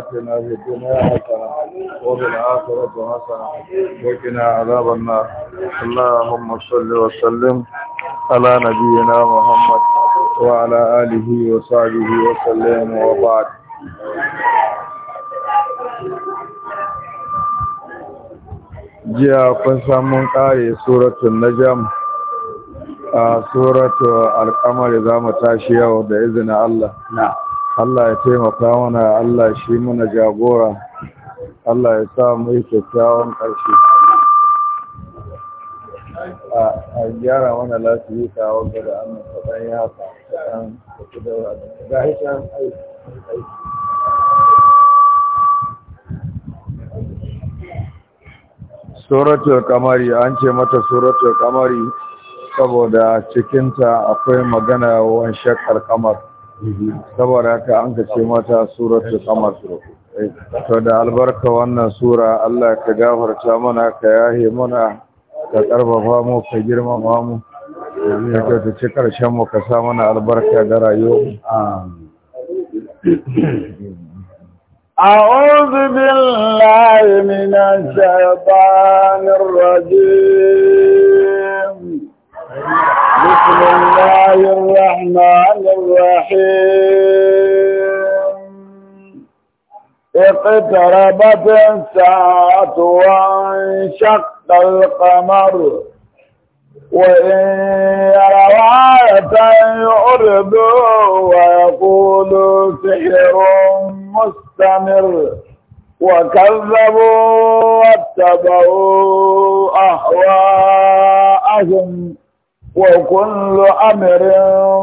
أتنا في الدنيا حسنة وفي الآخرة حسنة وقنا عذاب النار اللهم صل وسلم على نبينا محمد وعلى آله وصحبه وسلم وبعد ji a kun samun mun kare suratun najam a suratun alkamari za mu tashi yau da izinin Allah na Allah ya taimaka mana Allah shi mana jagora Allah ya sa mu yi kyakkyawan ƙarshe a gyara wani lafiya ta wanda da an kaɗan ya haka da ku daura ga aiki suratul kamari an ce mata suratul kamari saboda cikinta akwai magana wan shakkar kamar saboda haka an ka ce mata suratul qamar to da albarka wannan sura Allah ka gafarta mana ka yahe mana ka karfafa mu ka girmama mu ka ce karshen mu ka sa mana albarka da rayuwa أعوذ بالله من الشيطان الرجيم بسم الله الرحمن الرحيم اقتربت الساعة وانشق القمر وإن يروا آية يعرضوا ويقولوا سحر مستمر وكذبوا واتبعوا أهواءهم وكل أمر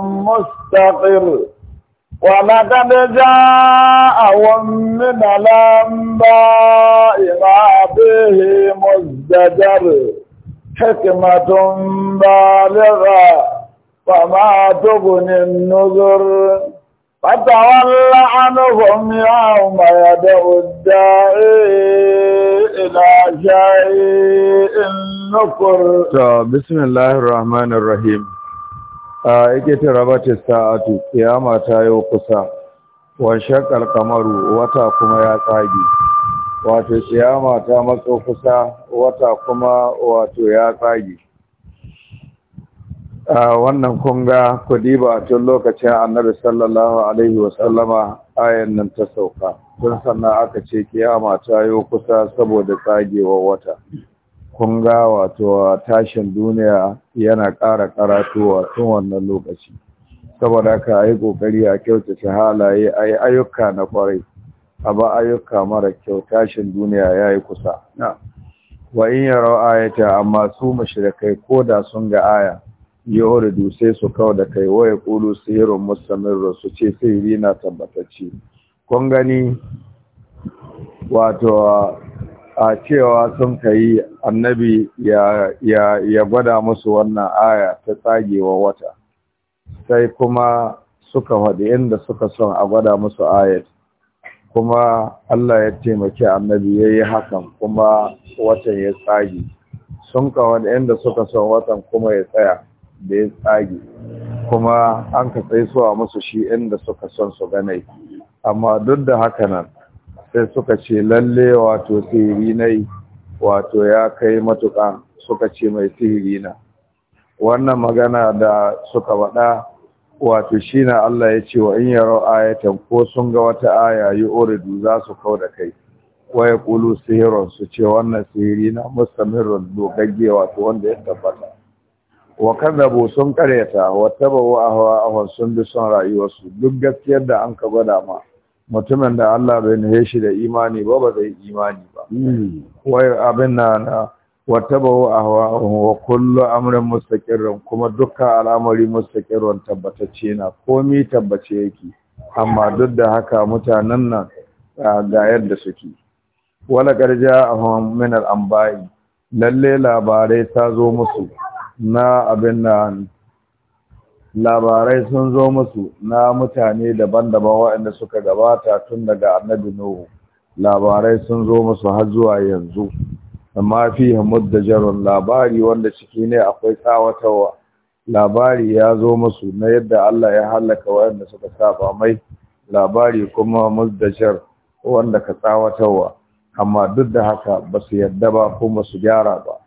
مستقر ولقد جاءهم من الأنباء ما به مزدجر حكمة بالغة فما تغني النذر فتول عنهم يوم يدعو الداعي إلى شيء rahim. النفر بسم ta الرحمن الرحيم kiyama ta قيامة kusa. وانشق القمر wata kuma ya tsage wato kiyama ta matso kusa wata kuma wato ya tsage wannan kunga a tun lokacin annabi sallallahu alaihi wasallama ayan nan ta sauka tun sannan aka ce kiyama ta yi kusa saboda tsagewa wata kun ga wato tashin duniya yana ƙara karatuwa tun wannan lokaci saboda ka yi ƙoƙari a kyautata halaye a yi ayyuka na kwarai a ba ayyuka mara kyau tashin duniya ya yi kusa wa in yaro ayata amma su kai ko da sun ga aya Yi hori dusai su kawo da kai waya ƙulu sihirin musamman su ce sihiri na tabbatacce kun gani wato a cewa sun kai annabi ya, gwada musu wannan aya ta tsagewa wata sai kuma suka faɗi inda suka son a gwada musu ayat kuma Allah ya taimaki annabi ya yi hakan kuma watan ya tsage sun kawo inda suka son watan kuma ya tsaya da ya tsage kuma an ka tsaye suwa musu shi inda suka son su ganai amma duk da haka nan sai suka ce lalle wato sihiri yi wato ya kai matuka suka ce mai sihiri na wannan magana da suka faɗa wato shi na Allah ya ce wa in yaro ayatan ko sun ga wata aya yi oridu za su kau da kai waya kulu sihiron su ce wannan sihiri na mustamirun dogagge wato wanda ya tabbata wa kadabu sun karyata wa tabawu ahwa ahwa sun bi son rayuwarsu duk gaskiyar da an ka gwada ma mutumin da Allah bai nuhe shi da imani ba ba zai imani ba wai abin na na wata ba wa kullu amrin mustaqirrun kuma duka al'amari mustaƙirar tabbatacce na komi tabbace yake amma duk da haka mutanen nan ga yadda suke wala ja ahum min al-anba'i lalle labarai ta zo musu na abin na labarai sun zo musu na mutane daban-daban waɗanda suka gabata tun daga annabi Nuhu labarai sun zo musu har zuwa yanzu amma fi muddajarun labari wanda ciki ne akwai tsawatawa labari ya zo musu na yadda Allah ya halaka waɗanda suka saba mai labari kuma muddajar wanda ka tsawatarwa amma duk da haka ba su yadda ba kuma su gyara ba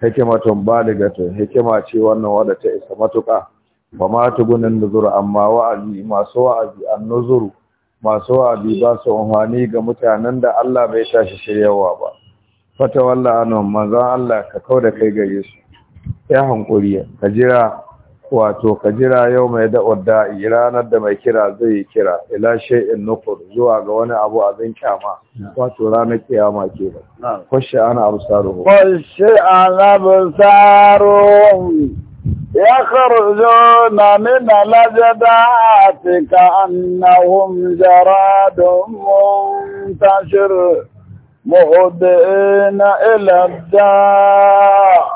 hikimatun baligatun hikima ce wannan wadda ta isa matuƙa ba ma tugunin nuzuru amma wa'azi masu wa'azi an nuzuru masu wa'azi ba su amfani ga mutanen da Allah bai tashi shiryawa ba fata walla anon manzan Allah ka kau da kai gare su ya hankuri ka jira wato ka jira yau mai da'ar da'i ranar da mai kira zai kira ila shay'in nukur zuwa ga wani abu abin kyama wato ranar kiyama ke ba kwashe ana absaruhu kwashe ana absaruhu يخرجون من الأجداد كأنهم جراد منتشر مهدئين إلى الدار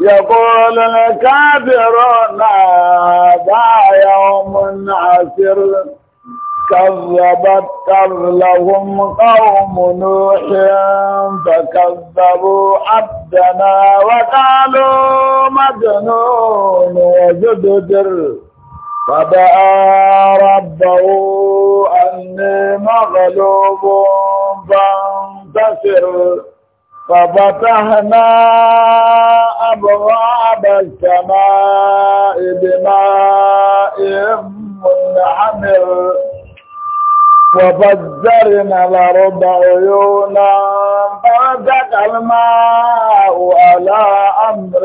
يقول الكافرون هذا يوم عسر كذبت قبلهم قوم نوح فكذبوا عبدنا وقالوا مجنون وزدجر فدعا ربه أني مغلوب فانتصر ففتحنا أبواب السماء بماء منعمر وفجرنا الأرض عيونا فأتت الماء على أمر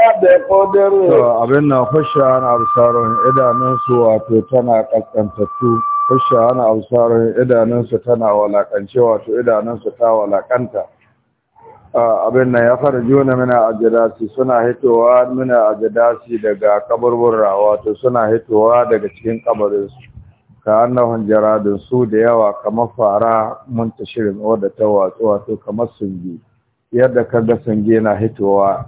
قد قدر أبنا خشى عن أبصاره إذا ننسوا قد قلقنتتو خشى عن أبصاره إذا ننستنا ولا كنشوا إذا تا ولا كنتا abinna ya farjuna mina ajadasi suna hitowa mina ajadasi daga kaburburra wato suna hitowa daga cikin kabarinsu ka annahun jaradun su da yawa kamar fara muntashirin oda ta watsu wato kamar sunge yadda kaga sunge na hitowa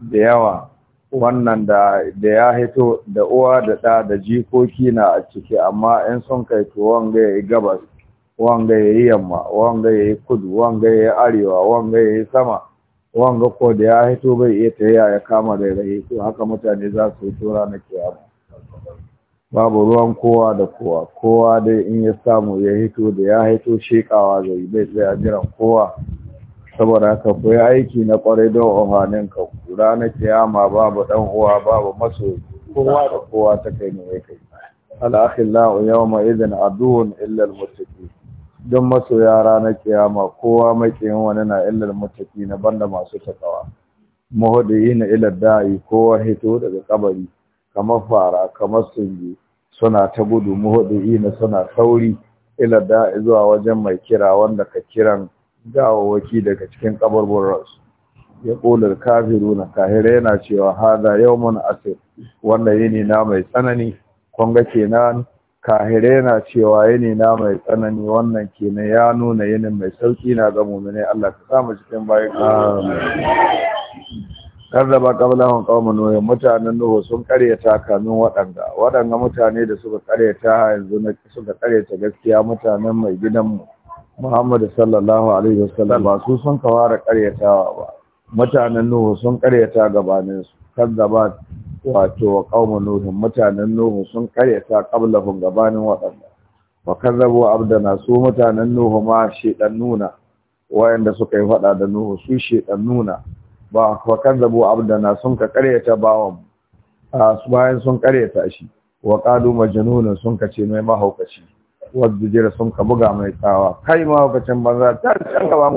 da yawa wannan da da ya hito da uwa da ɗa da jikoki na a ciki amma in sun kai to wanga ya gabas wanga ya yi yamma wanga ya kudu wanga ya arewa wanga ya sama wanga ko da ya hito bai iya tayaya ya kama da rai to haka mutane za su yi tura na kiyama babu ruwan kowa da kowa kowa dai in ya samu ya hito da ya hito shekawa zai bai tsaya jiran kowa saboda haka koyi aiki na kwarai don ohanin ka kura na kiyama babu dan uwa babu maso kowa da kowa ta kai ne ya kai al'akhillahu yawma idin aduwwun illa al don don masoya ranar kiyama kowa makiyin wani na illar mataki na banda masu takawa muhdiina na illar da'i kowa hito daga kabari kamar fara kamar sunji suna ta gudu muhudi'ina suna sauri ila da zuwa wajen mai kira wanda ka kiran gawawaki daga cikin rasu ya kolar kafiru na kahira yana cewa hada yawmun asir wanda yini na mai tsanani kwanga kenan kahira yana cewa yini na mai tsanani wannan kenan ya nuna yinin mai sauki na ga mu'mini Allah ka samu cikin bayan kazzaba qablahum qaumun nuh mutanen nuhu sun karyata kamin waɗanda waɗanda mutane da suka karyata yanzu na suka karyata gaskiya mutane mai gidan Muhammad sallallahu alaihi wasallam ba su sun kawara karyatawa ba mutanen nuhu sun karyata gabanin su kazzaba wato qaumun nuh mutanen nuhu sun karyata qablahum gabanin waɗanda wa kazzabu abdana su mutanen nuhu ma shedan nuna wayanda suka yi faɗa da nuhu su shedan nuna ba fa kazzabu abdana sun ka karyata su bayan sun karyata shi wa qalu majnunun sun ka ce mai mahaukaci wa jira sun buga mai tsawa kai mahaukacin banza ta can ka ba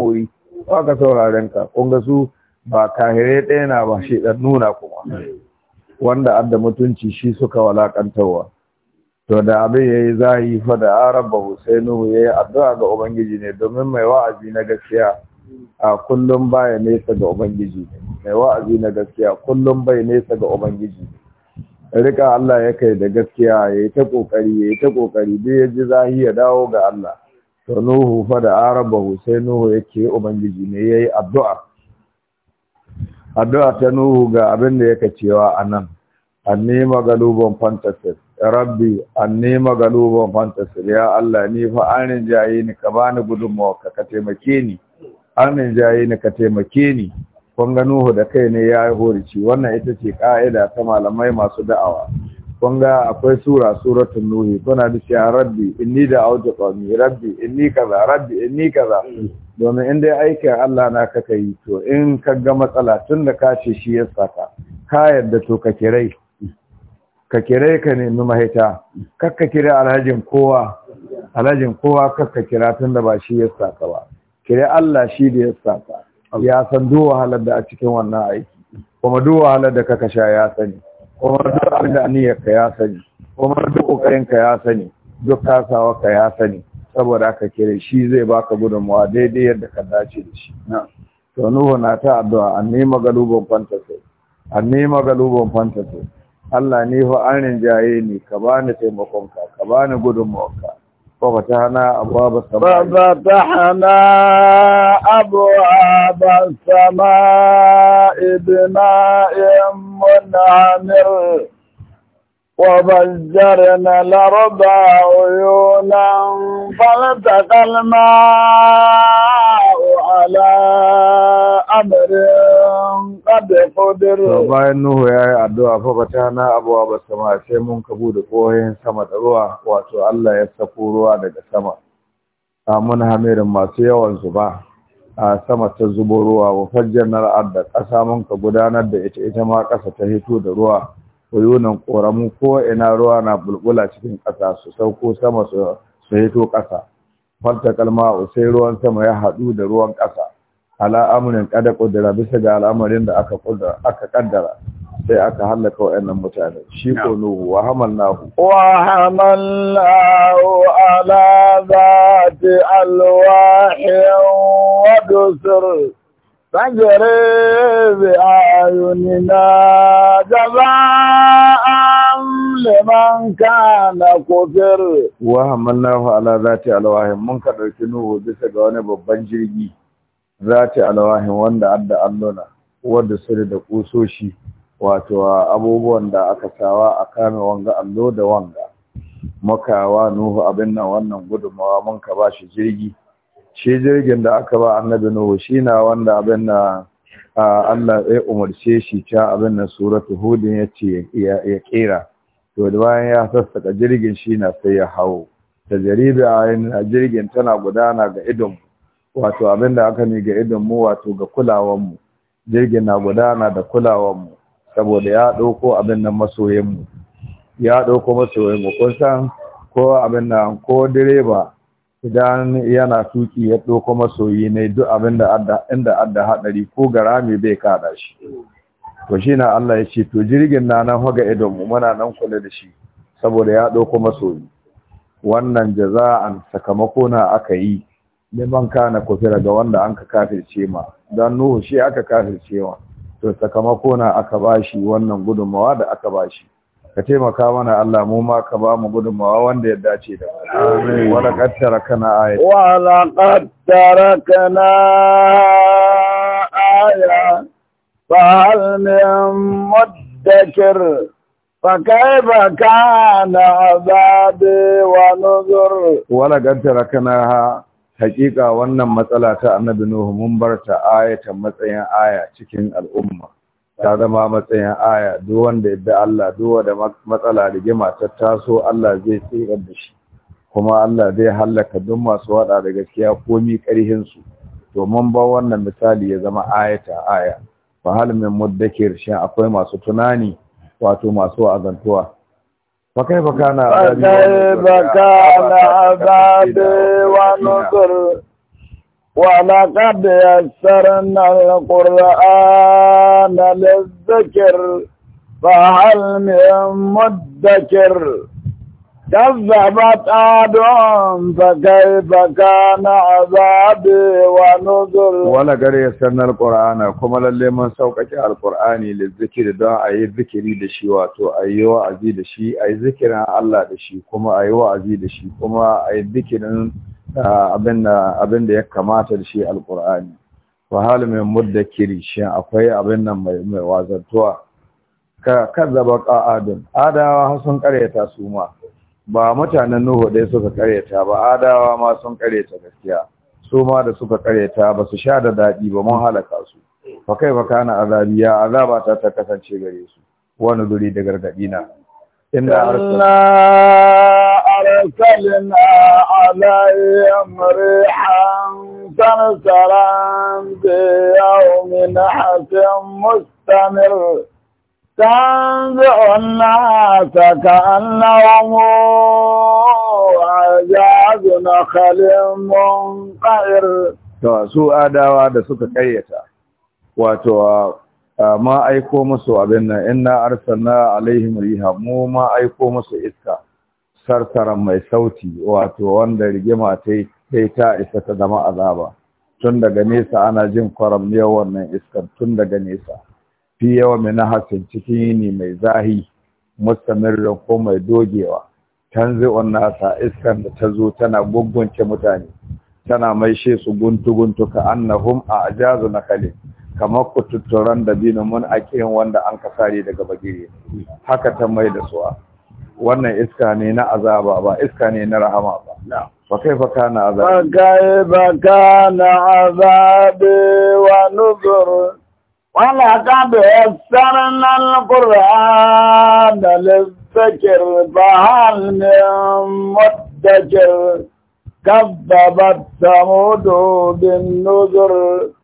ba ka sauraren ka kun ga su ba kahire ɗaya na ba shi ɗan nuna kuma wanda adda mutunci shi suka walakantarwa to da abin ya yi zahi fa da araba husainu ya yi addu'a ga ubangiji ne domin mai wa'azi na gaskiya a kullum baya nesa ga ubangiji mai wa'azi na gaskiya kullum bai nesa ga ubangiji rika Allah ya kai da gaskiya yi ta kokari yi ta kokari bai ya ji zahi ya dawo ga Allah to nuhu fa da arabahu sai nuhu ke ubangiji ne yi addu'a addu'a ta nuhu ga abin da yake cewa anan annema galuban fantasir rabbi annema galuban fantasir ya Allah ni fa an jayi ni ka bani gudunmawa ka taimake ni amin jaye na ka taimake ni kun ga Nuhu da kai ne ya horici wannan ita ce ka'ida ta malamai masu da'awa kun ga akwai sura suratul nuhi kuna da a rabbi inni da auta qawmi rabbi inni kaza rabbi inni kaza domin in dai aikin Allah na ka kai to in ka ga matsala tun da ka ce shi ya saka ka yarda to ka kirai ka kirai ka nemi mahita kakka kira alhajin kowa alhajin kowa kakka kira tun da ba shi ya saka ba kire Allah shi da ya saka ya san duk wahalar da a cikin wannan aiki kuma duk wahalar da kaka sha ya sani kuma duk abin da ka ya sani kuma duk ƙoƙarinka ya sani duk ka ya sani saboda aka kire shi zai baka gudunmawa daidai yadda ka dace da shi to nuhu na ta addu'a an nema fanta sai, an nema fanta sai, Allah ne ho an rinjaye ni ka bani taimakonka ka bani ka وفتحنا أبواب السماء ففتحنا أبواب السماء بماء منعمر وفجرنا الأرض عيونا فالتقى الماء على أمر قد قدر bayan Nuhu ya yi addu'a fa bata na abuwa ba sama mun kabu da kohin sama da ruwa wato Allah ya sako ruwa daga sama a mun hamirin masu yawan zuba a sama ta zubo ruwa wa fajjanar da ƙasa mun ka gudanar da ita ita ma ƙasa ta hito da ruwa koyunan ƙoramu ko ina ruwa na bulbula cikin ƙasa su sauko sama su hito ƙasa falta kalma sai ruwan sama ya haɗu da ruwan ƙasa ala amurin kada ƙudura bisa ga al'amarin da aka aka ƙaddara sai aka hallaka wayannan mutane shi ko nuhu wa hamalnahu wa hamalnahu ala zati alwahi wa dusur tajri bi ayunina jazaa liman kana kufir wa hamalnahu ala zati alwahin mun ka dauki nuhu bisa ga wani babban jirgi zati alwahin wanda adda alluna wanda sirri da kusoshi wato abubuwan da aka sawa a kame wanga allo da wanga makawa nuhu abin nan wannan gudumawa mun ka ba jirgi shi jirgin da aka ba annabi nuhu shi na wanda abin nan Allah ya umarce shi ta abin nan suratu hudin ya ce ya kera to da bayan ya sassaka jirgin shi na sai ya hawo da jaribi a jirgin tana gudana ga idon wato abin da aka ne ga idon mu wato ga kulawan jirgin na gudana da kulawan saboda ya dauko abin nan masoyin ya dauko masoyin kun san ko abin nan ko direba idan yana tuki ya dauko masoyi ne duk abin da inda adda hadari ko garami bai kaɗa shi to shi na Allah ya ce to jirgin na nan haga idon mu muna nan kula da shi saboda ya ɗauko masoyi wannan jaza'an sakamako na aka yi liman kana kufira ga wanda an ka kafirce ma don nuhu shi aka kafirce wa to sakamako na aka bashi wannan gudunmawa da aka bashi ka taimaka mana Allah mu ma ka ba mu gudunmawa wanda ya dace da mu wala qattara kana ayat wala qattara kana ayat فهل من مدكر فكيف كان عذابي ونذر ولقد تركناها hakika wannan matsala ta annabi nuhu mun bar ta ayatan matsayin aya cikin al'umma ta zama matsayin aya duk wanda ya bi Allah duk wanda matsala rigima ta taso Allah zai tsirar da shi kuma Allah zai hallaka duk masu wada da gaskiya komi karhin su to mun ba wannan misali ya zama ayata aya fahal min muddakir shi akwai masu tunani wato masu azantuwa fakai kaifa kana kaifa kana azabi wa nusur, wa laqad yassarna alqur'ana lizikr min muddakir Kazzaɓa tsadon zaka yi faka na azabe wa nuzuri. Walagare sannan Alƙur'ana, kuma lalleman sauƙaƙe Alƙur'ani da zikiri don a yi bikiri da shi, wato ayyuwa a ji da shi a yi zikirin Allah da shi, kuma a yi wa'azi da shi a yi bikirin abin da ya kamata da shi Alƙur'ani. Ba hali mu yi muddikiri, shi akwai abin nan mai wazartuwa. Ka zaba ka'adun. Adawa sun karye ta suma. ba mutanen Nuhu dai suka karyata ba adawa ma sun karyata gaskiya su ma da suka karyata ba su sha da daɗi ba mun halaka su fa kai fa kana azabi ya azaba ta ta kasance gare su wani duri da gargaɗi na inna arsalna alayhim rihan sarsaran bi yawmin hakim mustamir تنزع الناس كأنهم أعجاز نخل منقعر to su adawa da suka karyata wato ma aiko musu abin nan inna arsalna alaihim riha mu ma aiko musu iska sarsaran mai sauti wato wanda rigima ta sai ta isa ta zama azaba tun daga nesa ana jin kwaram ne wannan iskar tun daga nesa fi yawa mai nahasin cikin yini mai zahi mustamirin ko mai dogewa tanzi'un nasa iskan da ta zo tana gungunce mutane tana mai maishe su guntu-guntu ka annahum a ajazu na kale kamar ku tutturan da binu mun yin wanda an ka sare daga bagire haka ta mai da suwa wannan iska ne na azaba ba iska ne na rahama ba fa na kana azabi fa kana azabi wa nuzur wala ta bi sanannan ƙura'an da lissakir ba hannun matakir gababar samudu bin nuzur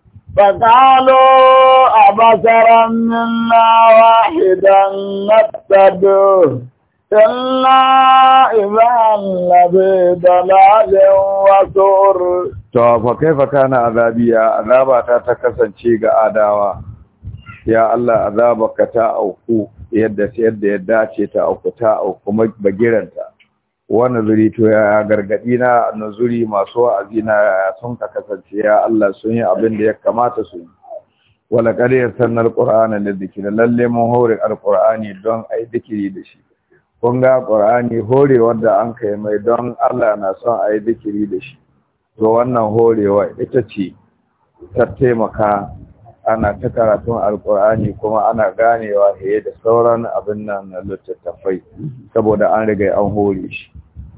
a basaran nuna wahidan matadu illa iban labe da lalin wasu'ur. to kaifaka na azabiya azabata ta kasance ga adawa ya Allah azabaka ta auku yadda yadda ya dace ta auku ta auku bagiranta wani zuri to ya gargadi na nuzuri masu wa'azi na sun ka kasance ya Allah sun yi abin da ya kamata su yi wala qad yasanna alqur'ana lidhikri lalle mun hore alqur'ani don ai dikiri da shi kun ga qur'ani hore wanda an kai mai don Allah na son ai dikiri da shi to wannan horewa ita ce ta taimaka ana ta karatun alkur'ani kuma ana ganewa fiye da sauran abin nan na littattafai saboda an riga an hore shi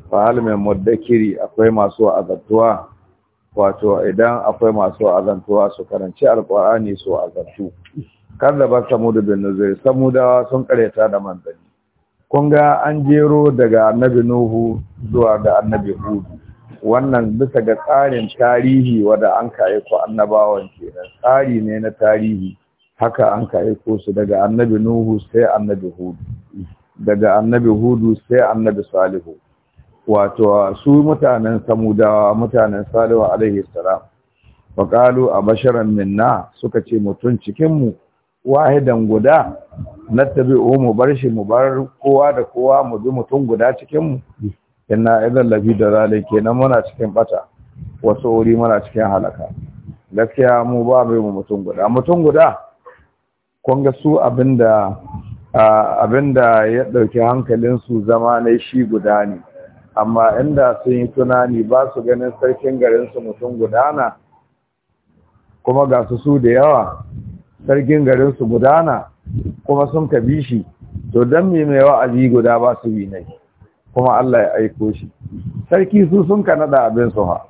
fa hal mai muddakiri akwai masu azantuwa wato idan akwai masu azantuwa su karanci alkur'ani su azantu kazzaba samudu bin nuzair samudawa sun kareta da manzanni kun ga an jero daga annabi nuhu zuwa ga annabi hudu wannan bisa ga tsarin tarihi wanda an kayi ko annabawan kenan tsari ne na tarihi haka an kayi ko su daga annabi nuhu sai annabi hudu daga annabi hudu sai annabi salihu wato su mutanen samudawa mutanen salihu alaihi salam wa a basharan minna suka ce mutum cikinmu wahidan guda na mu bar mu bar kowa da kowa mu bi mutum guda cikinmu inna idan labi da zalai kenan muna cikin bata wasu wuri muna cikin halaka gaskiya mu ba mai mu mutum guda mutum guda kun ga su abinda abinda ya dauki hankalin su zama ne shi guda ne amma inda sun yi tunani ba su ganin sarkin garin su mutum guda kuma ga su su da yawa sarkin garin su guda kuma sun kabi shi to dan me mai wa'azi guda ba su bi ne kuma Allah ya aiko shi sarki su sun ka nada abin su ha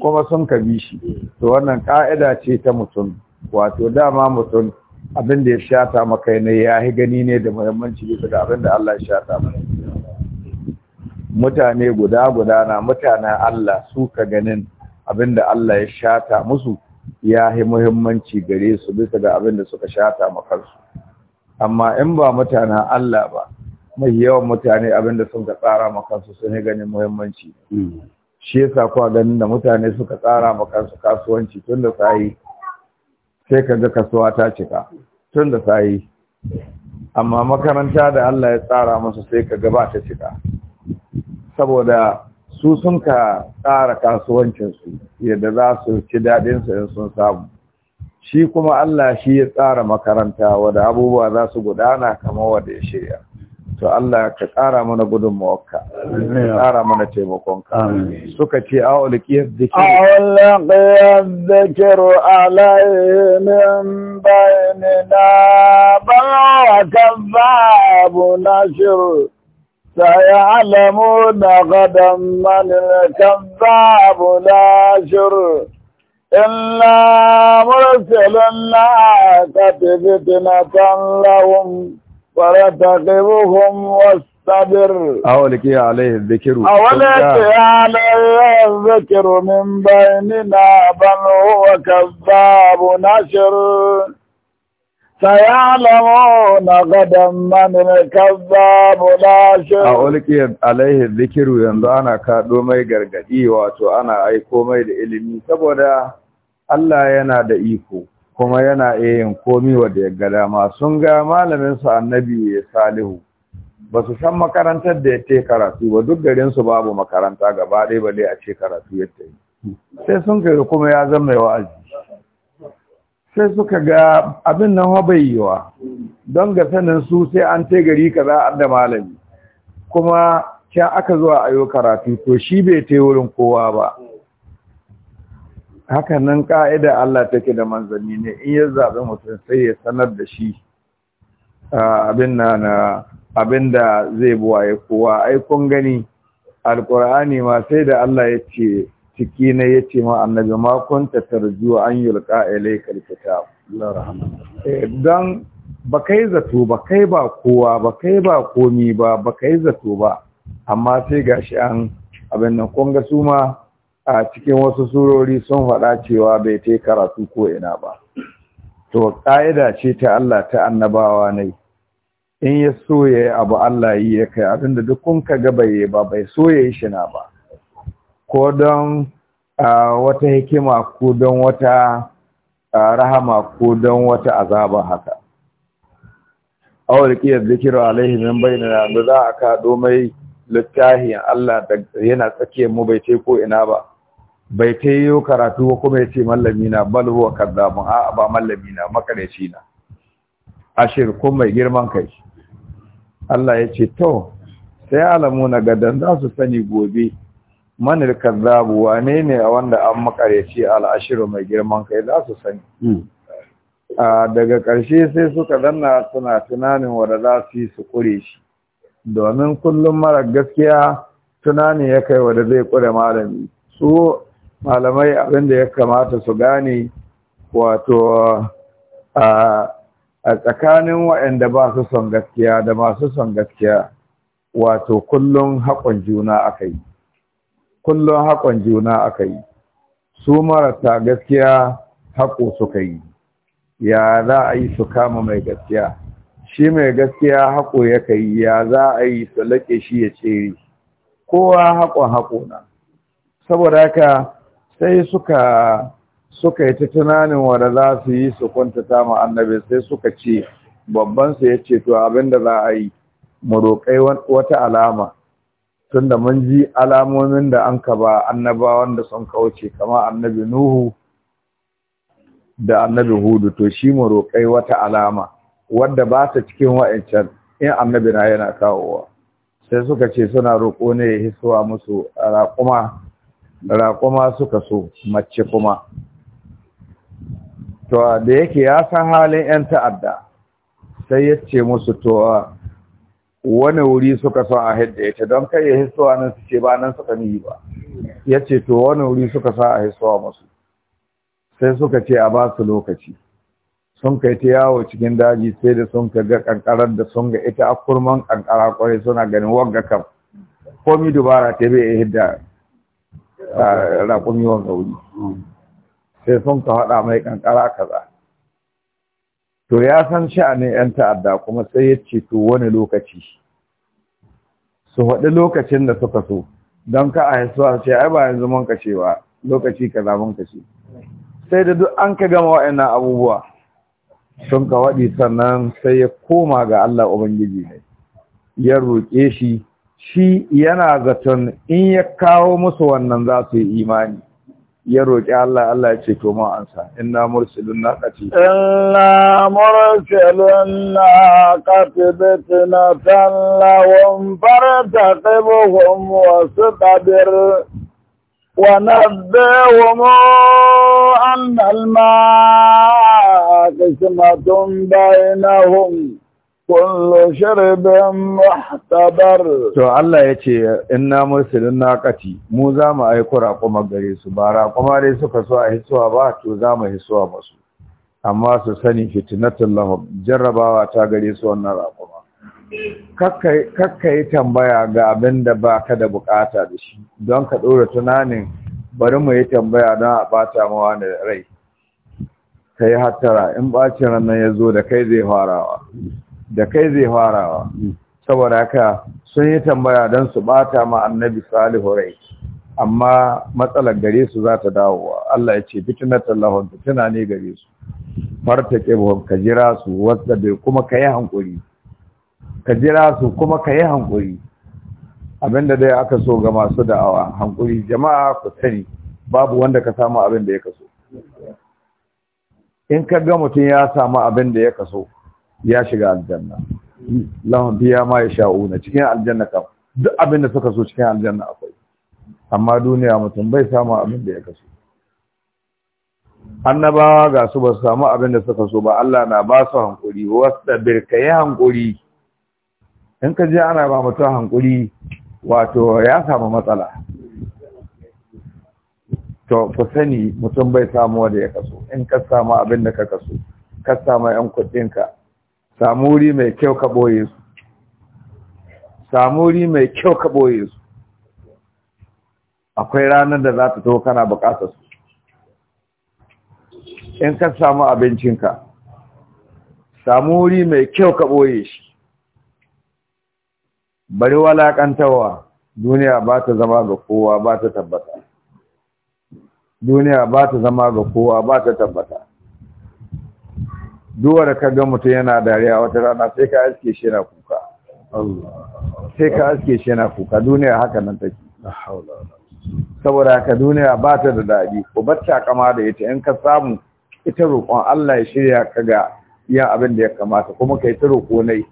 kuma sun ka bi shi to wannan ka'ida ce ta mutum wato dama mutum abin da ya shata maka ne ya yi gani ne da muhimmanci bisa ga abin da Allah ya shata maka mutane guda guda na mutanen Allah su ka ganin abin da Allah ya shata musu ya yi muhimmanci gare su bisa ga abin da suka shata makarsu amma in ba mutanen Allah ba mai yawan mutane abinda sun ka tsara ma kansu sun yi ganin muhimmanci shi yasa kuwa ganin da mutane suka tsara ma kansu kasuwanci tun da sayi sai ka ga kasuwa ta cika tun da sayi amma makaranta da Allah ya tsara musu sai ka ga ba ta cika saboda su sun ka tsara kasuwancinsu yadda za su ci su in sun samu shi kuma Allah shi ya tsara makaranta wadda abubuwa za su gudana kamar wadda ya shirya to Allah ka ƙara mana gudun mawakka ƙara mana taimakonka suka ce a walƙiyar zikir a walƙiyar zikir alaihimin bayanina ba wakan babu na shiru saye alamu na gadon malakan babu na shiru illa mursalin na aka tafi tinatan lahun فرتقبهم واستبر أولا كي عليه الذكر أولا كي عليه الذكر من بيننا بل هو كذاب نشر سيعلمون غدا من الكذاب ناشر أولا كي عليه الذكر يندو أنا كادو mai gargadi wato ana aiko mai da ilimi saboda Allah kuma yana yin komi wanda ya ga dama sun ga malamin su annabi salihu ba su san makarantar da ya ce karatu ba duk garin su babu makaranta gaba ɗaya dai a ce karatu ya yi sai sun ga kuma ya zama wa'azi sai suka ga abin nan bai yiwa don ga sanin su sai an ce gari kaza a da malami kuma can aka zuwa ayo karatu to shi bai ta wurin kowa ba haka nan ka'ida Allah take da manzanni ne in ya zaɓi mutum sai ya sanar da shi abin na abin da zai ya kowa ai kun gani alkur'ani ma sai da Allah ya ce ciki na ya ce ma annabi ma ta tarju an yulqa Allah kitab eh, don ba kai zato ba kai ba kowa ba kai ba komi ba ba kai zato ba amma sai gashi an abin nan kun ga su ma a cikin wasu surori sun faɗa cewa bai ta karatu ko ina ba to ƙa'ida ce ta Allah ta annabawa ne in ya so ya yi abu Allah yi ya kai abinda duk kun ka gabaye ba bai so ya yi shi na ba ko don wata hikima ko don wata rahama ko don wata azaba haka awal kiyar zikiru alaihi min bayyana da za a kaɗo mai littahi Allah da yana tsakiyar mu bai ce ko ina ba bai ta yi karatu ko kuma ya ce mallami na bal huwa kazzabun a'a ba mallami na makareci na ashir mai girman kai Allah ya ce to sai alamu na gadon za su sani gobe manar kazzabu wane ne a wanda an makareci al'ashiru mai girman kai za su sani hmm. daga ƙarshe sai suka danna suna tunanin wanda za su yi su ƙure shi domin kullum mara gaskiya tunanin ya kai wanda zai kure malami su malamai abin da ya kamata su gane wato a tsakanin waɗanda ba su son gaskiya da masu son gaskiya wato kullum haƙon juna aka yi kullum haƙon juna aka yi su marasa gaskiya haƙo suka yi ya za a yi su kama mai gaskiya shi mai gaskiya haƙo ya kai ya za a yi su laƙe shi ya tsere kowa haƙon haƙo na saboda haka sai suka suka yi ta tunanin wanda za su yi su kwantata ma annabi sai suka ce babban su ya ce to da za a yi mu roƙai wata alama tunda mun ji alamomin da an ka ba annabawan da sun kauce kamar annabi nuhu da annabi hudu to shi mu roƙai wata alama wadda ba ta cikin wa'ancan in annabi na yana kawowa sai suka ce suna roƙo ne ya hisuwa musu raƙuma ma suka so mace kuma to da yake ya san halin 'yan ta'adda sai ya ce musu to wani wuri suka so a hidda ita don kai ya hisuwa nan su ce ba nan suka ni ba ya ce to wani wuri suka son a hisuwa musu sai suka ce a ba su lokaci sun kai ta yawo cikin daji sai da sun ga kankarar da sun ga ita a kurman kankara kwarai suna ganin wagga kam komi dubara ta bai hidda yi wanga wuri sai sun ka haɗa mai ƙanƙara kaza to ya san sha'anin 'yan ta'adda kuma sai ya ce to wani lokaci su haɗi lokacin da suka so don ka a haisuwa ce ai ba yanzu mun kashe ba lokaci kaza mun kashe sai da duk an ka gama wa'annan abubuwa sun ka waɗi sannan sai ya koma ga Allah Ubangiji ne ya roƙe shi shi yana zaton in ya kawo musu wannan za su yi imani ya roƙi Allah Allah ya ce to ma ansa inna mursilun naqati inna mursilun naqati bitna tallahum fartaqibuhum wastabir ونبئهم أن الماء قسمة بينهم kullu shirbin muhtabar to Allah yace inna mursilun naqati mu za mu aiko raƙuma gare su ba raƙuma dai suka so a hisuwa ba to za mu hisuwa musu amma su sani fitnatul lahum jarrabawa ta gare su wannan raƙuma kakkai tambaya ga abin da ba ka da bukata da shi don ka ɗora tunanin bari mu yi tambaya don a bata mawa da rai ka yi hattara in ɓacin ranar ya zo da kai zai farawa da kai zai farawa saboda haka sun yi tambaya don su bata ma annabi salihu rai amma matsalar gare su za ta dawowa Allah ya ce fitnatan lahum fitina ne gare su farta kibhum ka jira su wasta bai kuma ka yi hankuri ka jira su kuma ka yi hankuri abinda dai aka so ga masu da'awa hankuri jama'a ku sani babu wanda ka samu abin da ya kaso in ka ga mutum ya samu abin da ya kaso ya shiga aljanna lahum biya ma yasha'una cikin aljanna kam duk abin da suka so cikin aljanna akwai amma duniya mutum bai samu abin da ya kaso annaba ga su ba su samu abin da suka so ba Allah na ba su hankuri wasta ka yi hankuri in ka je ana ba mutum hankuri wato ya samu matsala to ku sani mutum bai samu wanda ya kaso in ka samu abin da ka kaso ka samu yan ka. Samuri mai kyau ka boye su samuri mai kyau ka boye su akwai ranar da za ta to kana bukatar su in ka samu abincinka samuri mai kyau ka boye shi bari walakantawa duniya ba ta zama ga kowa ba ta tabbata duniya ba ta zama ga kowa ba ta tabbata duwar da ga mutum yana dariya wata rana sai ka aske shi yana kuka sai ka aske shi yana kuka duniya haka nan take saboda haka duniya ba ta da daɗi ko bacci kama da ita in ka samu ita roƙon Allah ya shirya ka ga yin abin da ya kamata kuma kai ta roƙo ne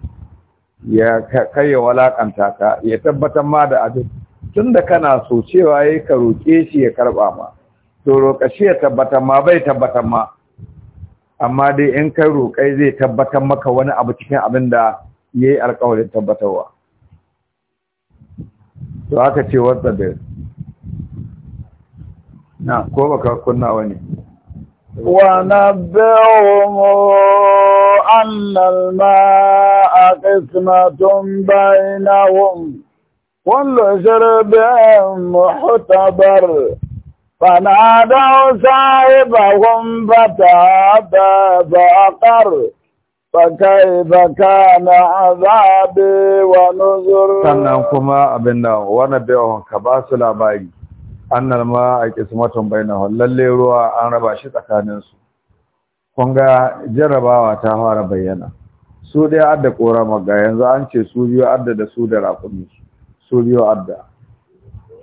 ya kai ya walakanta ka ya tabbatar ma da abin tun da kana so cewa yayi ka roƙe shi ya karba ma to roƙashi ya tabbatar ma bai tabbatar ma amma dai in kai roƙai zai tabbatar maka wani abu cikin abin da ya yi alƙawarin tabbatarwa to haka ce whatsapp na ko baka kunna wani ونبئهم أن الماء قسمة بينهم كل شرب محتبر فنادوا صاحبهم فتعبى فأقر فكيف كان عذابي ونذر sannan kuma abin nan wani bayan ka ba su labari annal ma a kismatun bainahum lalle ruwa an raba shi tsakaninsu kun jarrabawa ta fara bayyana su dai adda korama ga yanzu an ce su biyo adda da su da raƙumi su biyo adda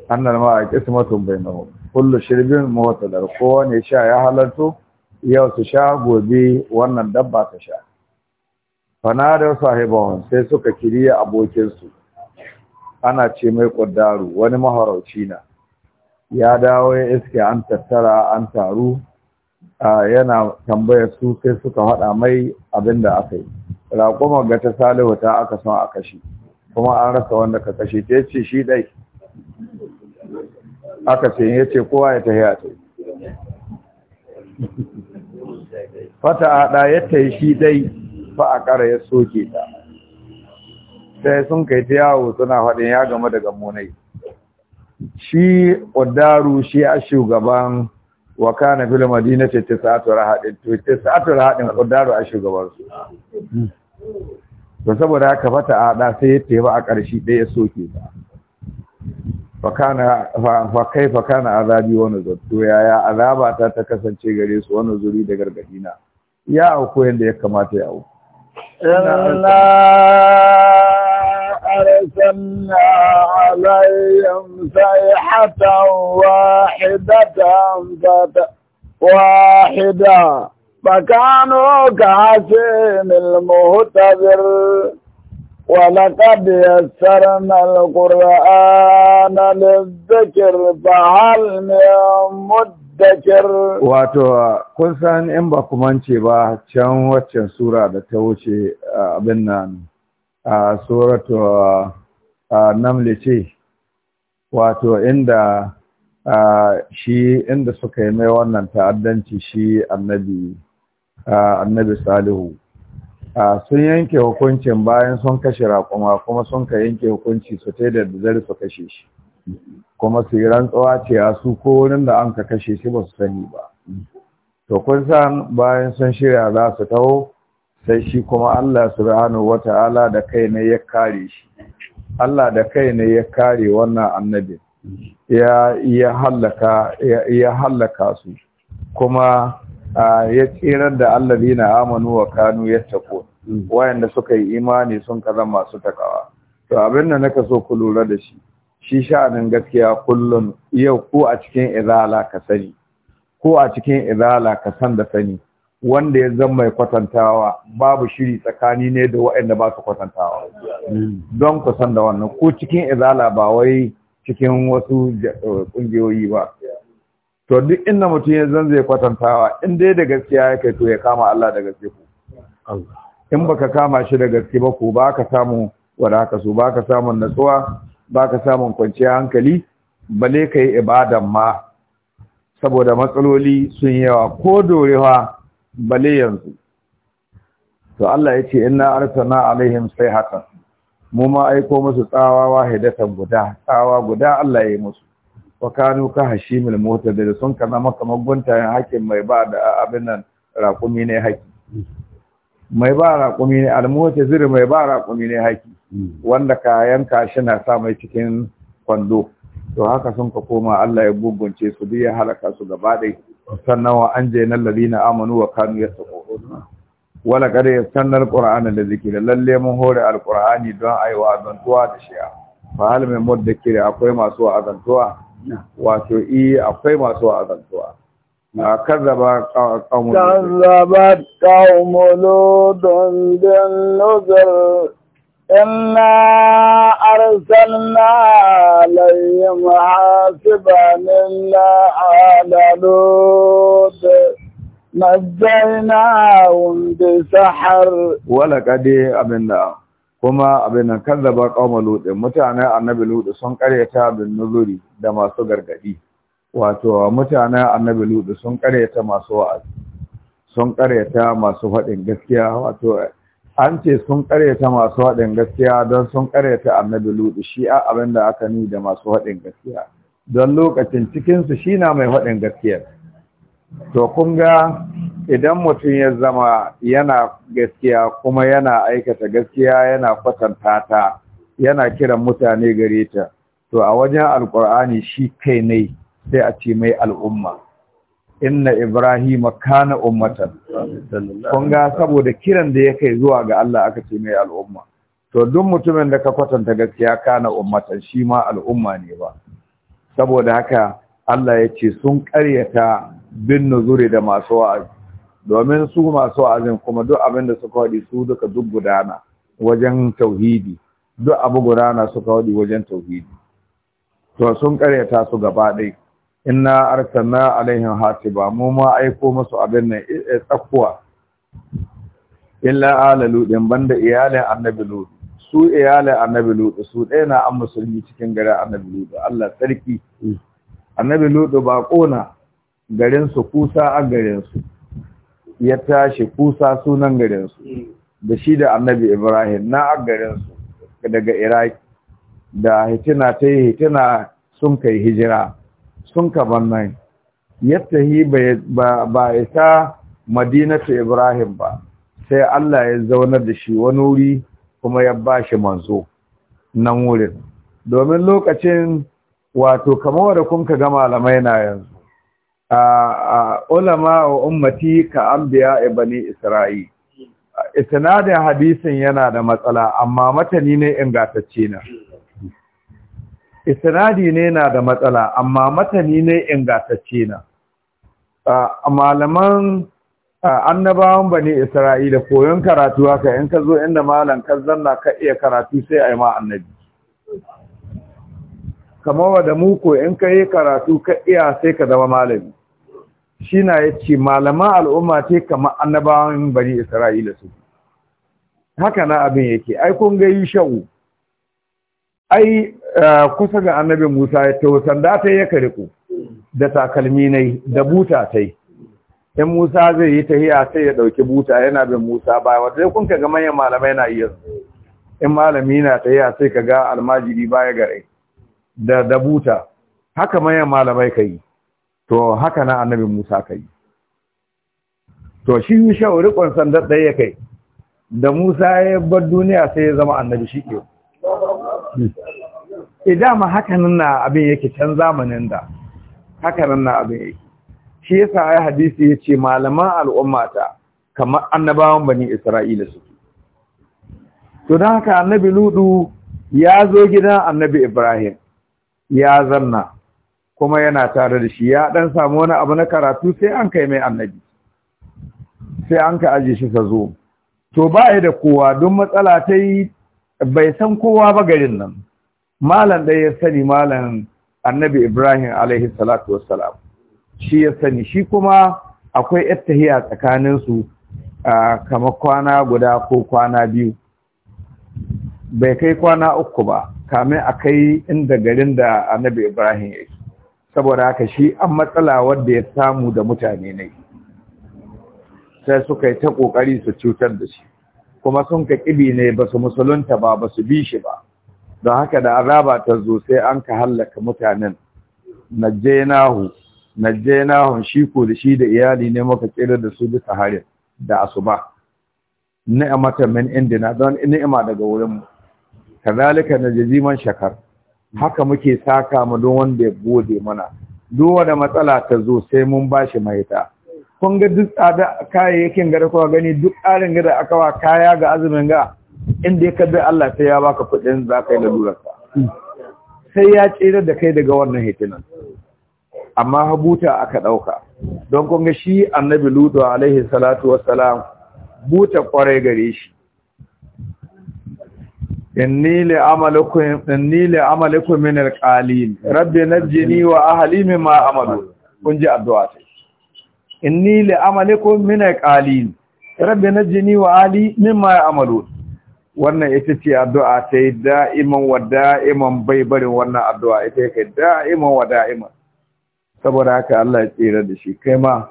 annal ma a kismatun bainahum kullu shirbin muwattadar kowane sha ya halarto yau su sha gobe wannan dabba ta sha fanadar sahibawan sai suka kiriya abokinsu ana ce mai ƙuddaru wani maharauci na ya dawo ya iske an tattara an taru yana tambayar su sai suka haɗa mai abin da aka yi raƙumar ga ta salihu ta aka son a kashe kuma an rasa wanda ka kashe ta ce shi ɗai aka ce ya ce kowa ya tahiya ta fata ɗa ya ta yi shi dai ba a ƙara ya soke ta sai sun kai ta yawo suna faɗin ya gama daga munai. shi ƙudaru shi a shugaban waka na filo madina ce tisatura haɗin to ta tisatura haɗin ƙudaru a shugabansu to saboda haka fata a ɗa sai ya yi ba a ƙarshe ɗaya soke ta fa kaifa kana azabi wani zato, yaya azaba ta ta kasance gare su wani zuri da gargadi na ya auko yadda ya kamata ya auko inna arsalna alayhim sayhatan wahidatan fata wahida فكانوا كعسيم المهتذر ولقد يسرنا القرآن للذكر فهل من مدكر واتو kun san in ba kumance ba can waccan sura da ta wuce abin nan a suratu namle ce wato inda shi inda suka yi mai wannan ta'addanci shi annabi annabi salihu sun yanke hukuncin bayan sun kashe raƙuma kuma sun ka yanke hukunci su ta da zari kashe shi kuma su yi rantsuwa cewa su ko wurin da an ka kashe shi ba su sani ba to kun san bayan sun shirya za su taho sai shi kuma Allah subhanahu wata'ala da kai ne ya kare shi Allah da kai ne ya kare wannan annabi ya ya hallaka su kuma ya tsirar da allazina amanu wa kanu yattaqun Mm. wayanda suka yi imani sun kaza masu takawa to abin da naka so ku lura da shi shi sha'anin gaskiya kullum yau ko a cikin izala ka sani ko a cikin izala ka san da sani wanda ya zama mai kwatantawa babu shiri tsakani ne da waɗanda ba su kwatantawa mm. don ku san da wannan ko cikin izala ba wai cikin wasu eh, ƙungiyoyi ba to duk inda mutum ya zan zai kwatantawa in dai da gaskiya ya kai to ya kama Allah da gaske ku Allah in baka kama shi da gaske ba ko ba ka samu wanda so ba ka samun natsuwa ba ka samun kwanciyar hankali bale ka yi ibadan ma saboda matsaloli sun yawa ko dorewa bale yanzu to Allah ya ce inna arsalna alaihim sayhatan mu ma aiko musu tsawa wahidatan guda tsawa guda Allah ya yi musu wa kanu ka hashimul mota da sun kana maka magunta hakin mai ba da abin nan rakumi ne haki mai ba raƙumi ne almuwata ziri mai ba raƙumi ne haki hmm. wanda ka yanka shi na sa mai cikin kwando to haka sun ka koma Allah ya gugunce su duk ya halaka su gaba dai sannan wa an je nan ladina amanu wa kanu yattaqun wala kada ya sannar da zikira lalle mun hore alqur'ani don yi wa azantuwa da shi'a fa hal mai kira akwai masu wa azantuwa wato i akwai masu wa azantuwa كذب قوم كذبت قوم لوط بالنذر إنا أرسلنا عليهم حاسبا إلا على لوط نجيناهم بسحر ولقد kuma abin nan kazzaba mutane annabi lut sun ƙaryata bin nuzuri da masu gargaɗi wato mutanen annabi ludu sun karyata masu wa'azi sun karyata masu faɗin gaskiya wato an ce sun karyata masu faɗin gaskiya don sun karyata annabi ludu shi a abin da aka ni da masu faɗin gaskiya don lokacin cikinsu shi na mai faɗin gaskiya to kun ga idan mutum ya zama yana gaskiya kuma yana aikata gaskiya yana kwatanta ta yana kiran mutane gare ta to a wajen alkur'ani shi kai ne sai a ce mai al'umma inna ibrahim kana ummatan kun ga saboda kiran da ya kai zuwa ga Allah aka ce mai al'umma to duk mutumin da ka kwatanta gaskiya kana ummatan shi ma al'umma ne ba saboda haka Allah ya ce sun karyata bin nuzuri da masu wa'azi domin su masu wa'azin kuma duk abin da suka wadi su duka duk gudana wajen tauhidi duk abu gudana suka wadi wajen tauhidi to sun karyata su gaba ɗaya inna arsalna alaihim hatiba mu ma aiko musu abin nan tsakkuwa illa ala ludin banda iyalin annabi lut su iyalin annabi lut su ɗaya na an musulmi cikin garin annabi ludu Allah sarki mm. annabi lut ba kona garin su kusa a garin su ya tashi kusa sunan garin su mm. da shi da annabi Ibrahim na a garin su daga Iraki. da hitina ta yi hitina sun kai hijira sun ka nan yadda hi ba isa madinatu ibrahim ba sai Allah ya zaunar da shi wani wuri kuma ya ba shi manzo nan wurin domin lokacin wato kamar da kun ka ga malamai na yanzu a ulama wa ummati ka anbiya ibani israi Isinadin hadisin yana da matsala amma matani ne ingatacce na isnadi ne na da matsala amma matani ne ingantacce na malaman annabawan bane isra'ila koyon karatu haka in ka zo inda malam ka zanna ka iya karatu sai a yi ma annabi kamar wa da muku in ka yi karatu ka iya sai ka zama malami shi na ya ce malaman al'umma ce kamar annabawan bani isra'ila su haka na abin yake ai kun ga sha'u ai eh, kusa ga annabi Musa ya taho sanda ta ya kariku da takalmi ne da buta ta yi. in Musa zai yi tahiya sai ya dauki buta yana bin Musa ba wata kun ga manyan malamai na iya in malami na tahiya sai ka ga almajiri baya gare da da buta haka manyan malamai kai to haka na annabi Musa kai to shi Yusha kon sanda ɗaya kai da Musa ya bar duniya sai ya zama annabi shi ke idan eh, ma hakanin na abin yake can zamanin da hakanin na abin yake shi yasa ya hadisi ce malaman al'ummata kamar annabawan bani Isra'ila suke to dan haka annabi Ludu ya zo gidan annabi Ibrahim ya zanna kuma yana tare da shi ya ɗan samu wani abu na karatu sai an kai mai annabi sai an ka aje shi ka zo to ba ya da kowa don matsala ta yi bai san kowa ba garin nan malam da ya sani malam annabi ibrahim alaihi salatu wassalam shi ya sani shi kuma akwai tsakanin tsakaninsu kamar kwana guda ko kwana biyu bai kai kwana uku ba kamin a kai inda garin da annabi ibrahim ya saboda haka shi an matsala wadda ya samu da mutane ne sai suka yi ta ƙoƙari su cutar da shi kuma sun ka ƙibi ne ba su musulunta ba ba su bi shi ba don haka da azaba ta zo sai an ka hallaka mutanen najjenahu najjenahu shi ko da shi da iyali ne muka kira da su bisa harin da asuba ni'mata min indina don ni'ima daga wurin mu kazalika na man shakar haka muke saka mu don wanda ya gode mana duk wanda matsala ta zo sai mun bashi mahita kun ga duk tsada kayayyakin ga da gani duk tsarin gada a aka wa kaya ga azumin ga inda ya kabi Allah sai ya baka kuɗin za ka yi lalurarsa sai ya tsira da kai daga wannan hitinan amma buta aka ɗauka don kun shi annabi lutu alaihi salatu wassalam buta kwarai gare shi inni li amalikum amalikum min alqalil rabbi najjini wa ahli mimma amalu kun ji addu'a In ni inni li'amalikum min qalin rabbi jini wa ali mimma ya'malun wannan ita ce addu'a ta yi da'iman wa da'iman bai barin wannan addu'a ita yake da'iman wa da'iman saboda haka Allah ya tsira da shi kai ma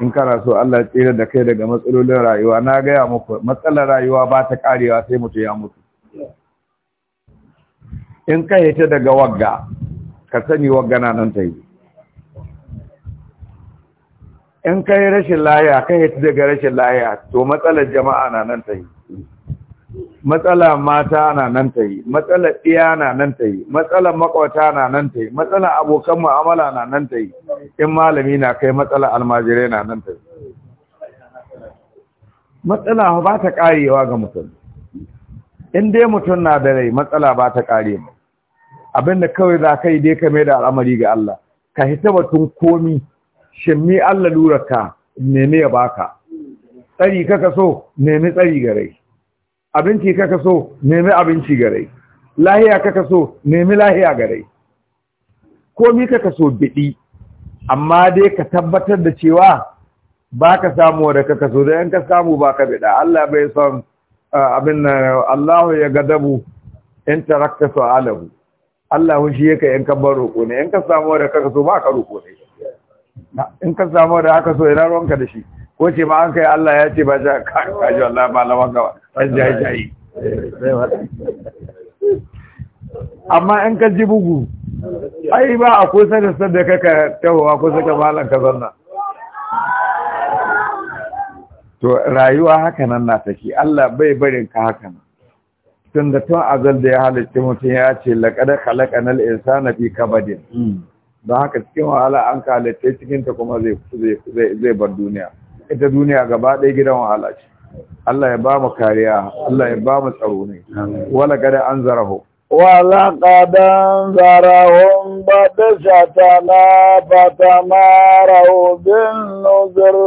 in kana so Allah ya tsira da kai daga matsalolin rayuwa na gaya muku matsalar rayuwa ba ta karewa sai mutu ya mutu in ka ta daga wagga ka sani wagga na nan ta yi in kai rashin laya kan yi daga rashin laya to matsalar jama'a na nan ta yi matsala mata na nan ta yi matsalar iya na nan ta yi matsalar makwata na nan ta yi matsalar abokan mu'amala na nan ta yi in malami na kai matsalar almajirai na nan ta yi matsala ba ta karewa ga mutum in dai mutum na da rai matsala ba ta kare abinda kawai za ka yi dai ka mai da al'amari ga Allah ka hita batun komi shin mi Allah lurarka nemi ya baka tsari kaka so nemi tsari gare abinci kaka so nemi abinci gare lahiya kaka so nemi lahiya gare komi kaka so biɗi amma dai ka tabbatar da cewa baka samu da kaka so da yan ka samu baka bida Allah bai son ah, abin nan Allah ya gadabu in tarakta alahu Allah shi yake yan ka bar roƙo ne yan ka samu da kaka so baka roƙo ne in ka samu da aka so ina ruwanka da shi ko ce ma an kai Allah ya ce ba ja ka ji Allah ba lawan ka ba jayi jayi amma in ka ji bugu ai ba a kusa da sadda kaka tahowa ko saka malan ka zanna to rayuwa haka nan na take Allah bai barin ka haka nan tun da tun azal da ya halitta mutum ya ce laqad khalaqanal insana fi kabadin hmm. don haka cikin wahala an ka halitta cikin ta kuma zai zai bar duniya ita duniya gaba ɗaya gidan wahala ce Allah ya ba mu kariya Allah ya ba mu tsaro ne wala gada an zarahu wala kada an ba ta fatamarahu bin nuzur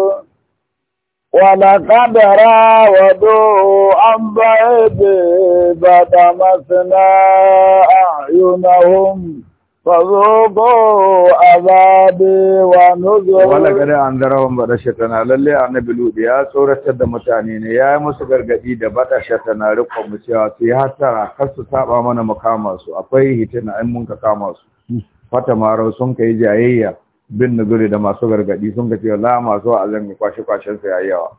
ولقد راودوا عن بعيد فتمسنا أعينهم wa فذوقوا عذابي ونذر ولقد انذرهم shatana lalle annabi ludi ya tsoratar da mutane ne ya yi musu gargadi da baɗa rikon mu cewa su yi hatara kar su saba mana makama su akwai hitina in mun ka kama su fata maro sun kai jayayya bin nuguri da masu gargadi sun ka ce la masu azan kwashe-kwashen su yayi yawa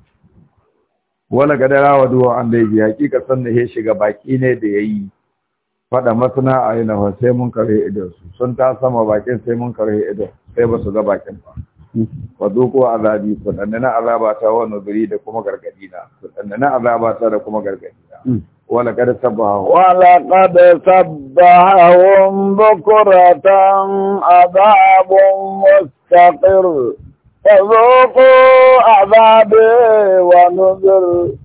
wala gadara rawa duwa an da yi hakika san da ya shiga baki ne da yayi faɗa masana a yi nafa sai mun kare idon su sun ta sama bakin sai mun kare ido sai ba su ga bakin ba wa zuko azabi su dandana azaba ta wa nuzuri da kuma gargadi na su dandana azaba ta da kuma gargadi na wala hmm. sabbaha wa wala sabbaha sabahum bukratan azabun mustaqir fa zuko azabi wa nuzuri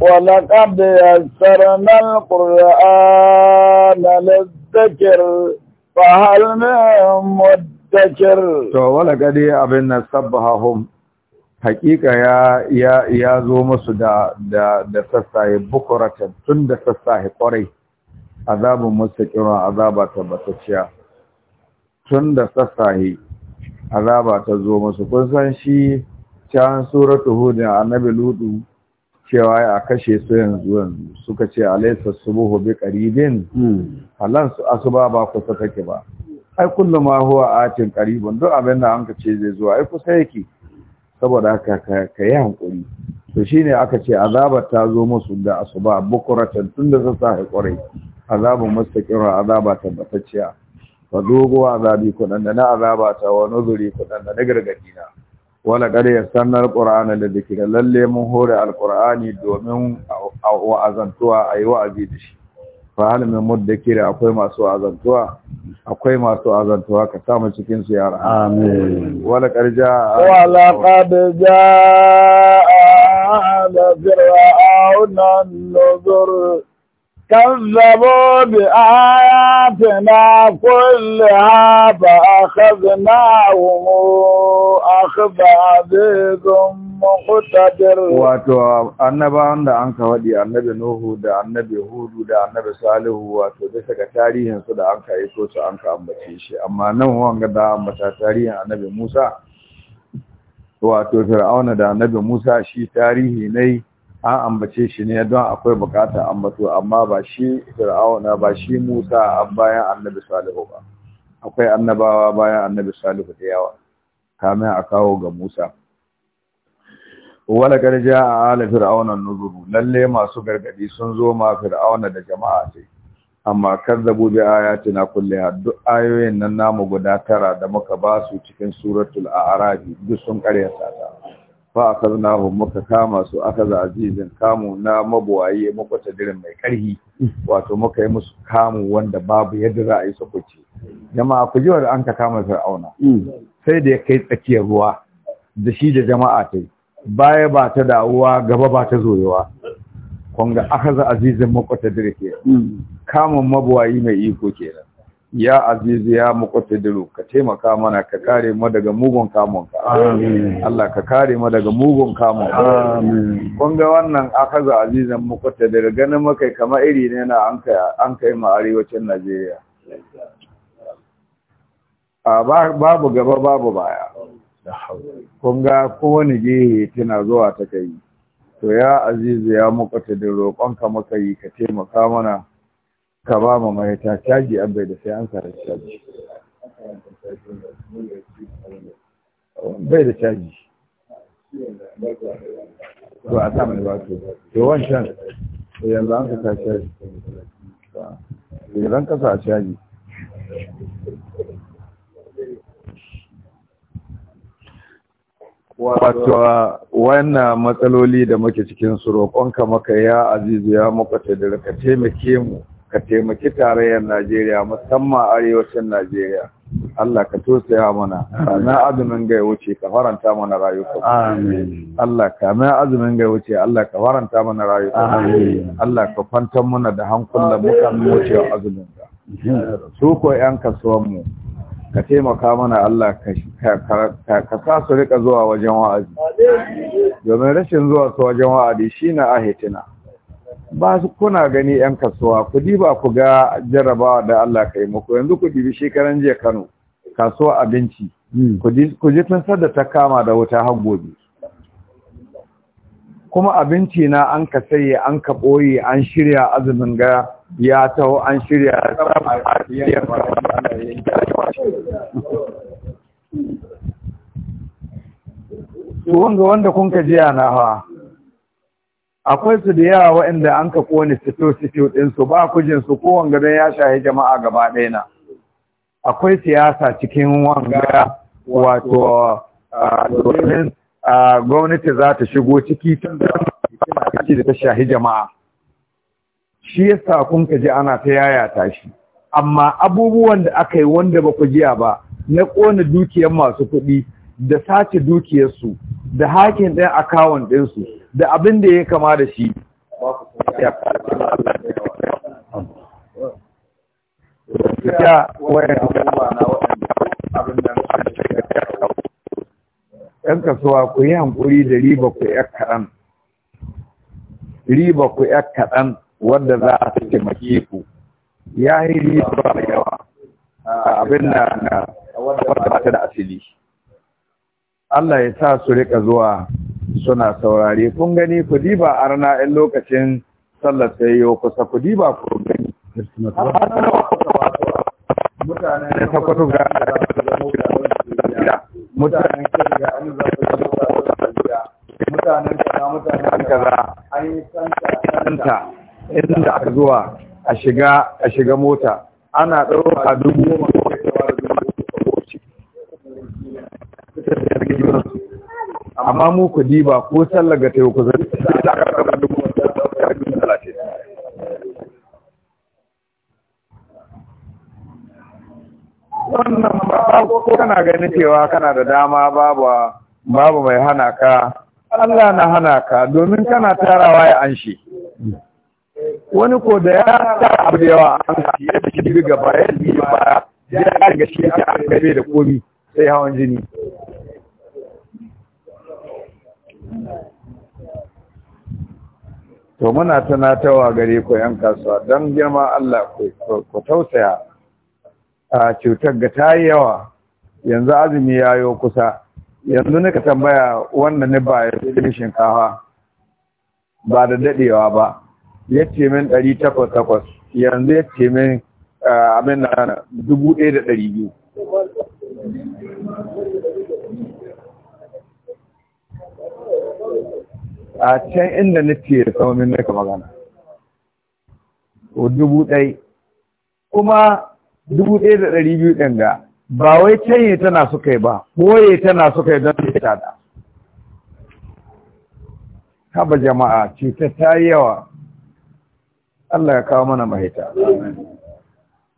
ولقد يسرنا القرآن للذكر فهل من مدكر to wala gade abin nan sabbahum hakika ya ya zo musu da da da sassaye tun da sassaye kwarai azabun mustaqira azaba tabbatacciya tun da sassaye azaba ta zo musu kun san shi can suratu hud annabi luɗu? cewa ya kashe su yanzu yanzu suka ce a alaisa subuhu bi qaribin halan hmm. su asuba ba kusa take ba ai kullu ma huwa atin qaribun duk abin da anka ce zai zuwa ai kusa yake saboda haka ka yi hankuri to shine aka ce azabar ta zo musu da asuba bukuratan tun da sassa haƙurai azabun mustaƙirar azaba tabbatacciya fa dogo azabi kudan da na azaba ta wa nuzuri kudan da na gargadi na wala qad yassarna alqur'ana da lalle mun hore alqur'ani domin wa'azantuwa ayi wa'azi da shi fa hal min mudakkir akwai masu azantuwa akwai masu azantuwa ka samu cikin su ya amin wala qad ja wala qad jaa ala fir'auna nuzur كذبوا بآياتنا كلها فأخذناهم أخذ عزيز مقتدر واتو النبي عند أنك ودي النبي نوح دا النبي هود دا النبي صالح واتو ده سكا تاريخ سدا أنك يسوس أنك أمبتشي أما نوح أنك دا أمبتا تاريخ النبي موسى واتو فرعون دا النبي موسى شي تاريخ نيه an ambace shi ne don akwai bukatar ambato amma ba shi fir'auna ba shi musa a bayan annabi salihu ba akwai annabawa bayan annabi salihu da yawa kamin a kawo ga musa wala garja a ala fir'auna nuzuru lalle masu gargadi sun zo ma fir'auna da jama'a ce, amma kazzabu bi ayatina kulliha duk ayoyin nan namu guda tara da muka ba su cikin suratul a'arabi duk sun karya sata. fa akaznahu muka kama su akaza azizin kamu na mabuwaye muka tadirin mai karhi wato muka yi musu kamu wanda babu yadda za a yi sakuci jama'a ku ji wanda an ka kama fir'auna mm. sai da ya kai tsakiyar ruwa da shi da jama'a ta baya ba ta dawowa gaba ba ta zoyewa kun ga akaza azizin muka ta ke mm. kamun mabuwayi mai iko kenan ya azizu ya muqaddiru ka taimaka mana ka kare mu daga mugun kamun ka amin Allah ka kare mu daga mugun kamun amin kun ga wannan akaza azizan muqaddiru ganin makai kamar iri ne na an kai an kai mu arewacin Najeriya a babu gaba babu baya kun ga kowane gehe tana zuwa ta kai to ya azizu ya muqaddiru roƙonka makai ka taimaka mana ka ba ma ta caji an bai da sai an sarar caji bai da caji to a samun ba to to wancan yanzu an ka caji yanzu an ka sa caji wato wannan matsaloli da muke cikin su roƙonka maka ya azizu ya muka da raka taimake mu ka taimaki tarayyar Najeriya musamman arewacin Najeriya Allah ka tosaya mana na azumin gai wuce ka faranta mana rayuka Allah ka na azumin gai wuce Allah ka faranta mana rayuka Allah ka kwantar mana da hankulan mu wuce wa azumin ga. su ko yan kasuwan mu ka taimaka mana Allah ka sa su rika zuwa wajen wa'azi domin rashin zuwa su wajen wa'azi shi na ahitina ba su kuna gani yan kasuwa ku ba ku ga jarabawa da Allah ka yi muku yanzu ku dibi shekaran jiya Kano kasuwa abinci hmm. ku ji tun da ta kama da wuta har gobe kuma abinci na an ka saye an ka ɓoye an shirya azumin ga ya taho an shirya wanda kun ka jiya na hawa akwai su da yawa waɗanda an ka kone sito sito ɗinsu ba jin su ko don ya shahi jama'a gaba ɗaya na akwai siyasa cikin wanga wato domin gwamnati za ta shigo ciki tun da ta shahi jama'a shi yasa kun ka ji ana ta yaya ta shi amma abubuwan da aka yi wanda ba ku jiya ba na kona dukiyar masu kuɗi da sace dukiyarsu da hakin ɗin akawun ɗinsu da abin da ya kama da shi ya ‘yan kasuwa ku yi hankuri da riba ku ‘yan kaɗan riba ku ‘yan kaɗan wadda za a suke maki ku ya yi riba da yawa a abin da na wata da asili Allah ya sa su rika zuwa suna saurari kun gani ku diba rana in lokacin sallar ta yi kusa ku diba ku gani inda aka zuwa a shiga a shiga mota ana ɗauka dubu goma ko da dubu amma mu ku diba ko sallar ga tayo ku zai kana ganin cewa kana da dama babu mai hana ka Allah na hana ka domin kana tarawa ya anshi wani ko da ya tara abu da yawa an ka ya shi gaba ya yi ba ya ga shi ya da komi sai hawan jini to muna tunatawa gare ku yan kasuwa don girma Allah ku tausaya a cutar ga ta yi yawa yanzu azumi ya yi kusa yanzu nika tambaya wannan ni ba ya shinkafa ba da daɗewa ba ya ce min ɗari takwas takwas yanzu ya ce min abin na dubu ɗaya da ɗari biyu a can inda nake tsaunin naka magana dubu ɗai kuma dubu ɗaya da ɗari biyu ɗin ga ba wai can canye tana suka yi ba koye tana suka yi don ta da haba jama'a cutar ta yi yawa Allah ya kawo mana mahita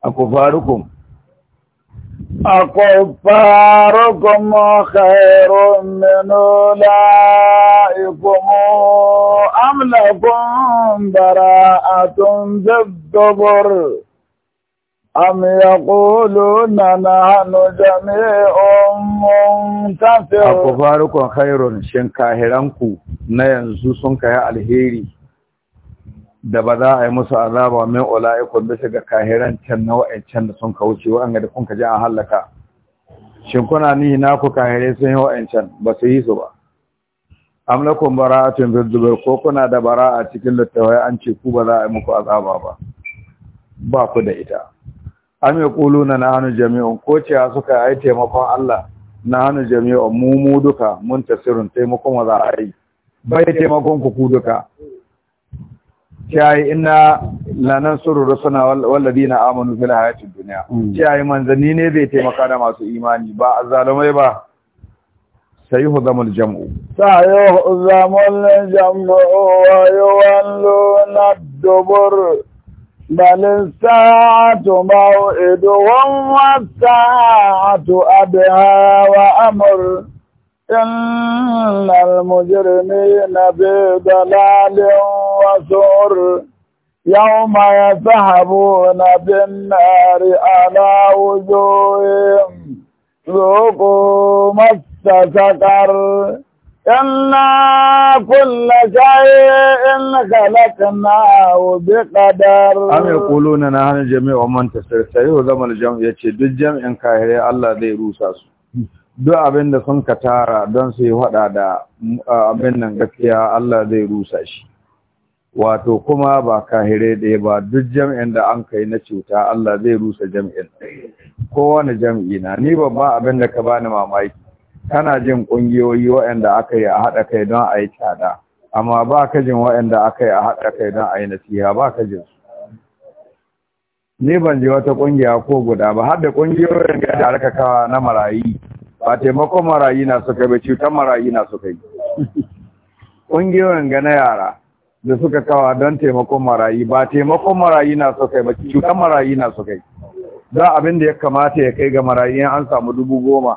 a kufarukun أكفاركم خير من أولئكم أم لكم براءة بالدبر أم يقولون نحن جميع منتصر أكفاركم خير شن كاهرانكو نينزو سنكها الهيري da ba za a yi musu azaba min ula'ikun bisa ga kahiran can na wa'ancan da sun kauce wa'anga da kun ka ji a halaka shin kuna ni na ku kahire sun yi wa'ancan ba su yi su ba amlakum bara'atun bizubair ko kuna da bara'a cikin littawai an ce ku ba za a yi muku azaba ba ba ku da ita Kulu na nahnu jami'un ko ce suka yi taimakon Allah nahnu jami'un mu mu duka mun tasirun taimakon wa za a yi bai taimakon ku ku duka kiyaye ina nan suru rusuna wallabi na amonu fil hayatin duniya hmm. kiyaye manzanni ne zai taimaka da masu imani ba a zalamai ba sai yi hudamul jam'u sayo hudamul jam'u wa yi wallo na dubur balin sa'atu ma'u idu wa sa'atu abu wa amur إن المجرمين في ضلال وسعر يوم يسحبون بالنار على وجوههم ذوقوا مس سكر إنا كل شيء خلقناه بقدر أم يقولون نحن جميع من تسرسل وزمن الجمع يتشدد جمع كاهرية الله ذي روساسو duk abin da sun ka tara don su yi faɗa da abin nan gaskiya Allah zai rusa shi wato kuma ba kahire da ba duk jam'in da an kai na cuta Allah zai rusa jam'in kowane jam'i na ni babba abin da ka bani mamaki kana jin ƙungiyoyi waɗanda aka yi a haɗa kai don a yi tsada amma ba ka jin waɗanda aka yi a haɗa kai don a yi nasiha ba ka jin ni ban je wata ƙungiya ko guda ba har da kungiyoyin da aka kawa na marayi ba taimakon marayi na suka yi ba cutar marayi na suka yi ƙungiyoyin ga na yara da suka kawa don taimakon marayi ba taimakon marayi na suka yi ba cutar marayi na suka yi za abin da ya kamata ya kai ga marayi an samu dubu goma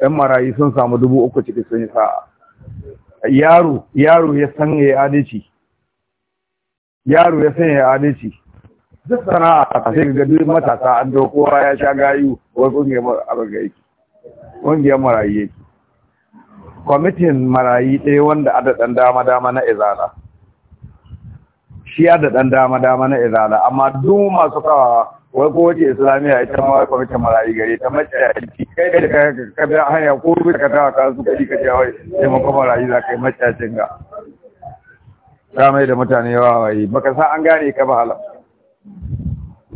ɗan marayi sun samu dubu uku ciki sun yi sa'a yaro yaro ya san ya adalci yaro ya san ya adalci duk sana'a sai ga duk matasa an kowa ya sha gayu wai kungiyar abin ga yake ƙungiyar marayi yake kwamitin marayi ɗaya wanda a dama-dama na izala shi a dama-dama na izala amma duk masu kawa wai kowace islamiyya ita ma kwamitin marayi gari ta maciyaci kai da ka biya hanya ko bi ka tawa ka su kaji ka ce wai taimakon marayi za ka yi maciyacin ga ta mai da mutane waye. baka sa an gane ka ba halar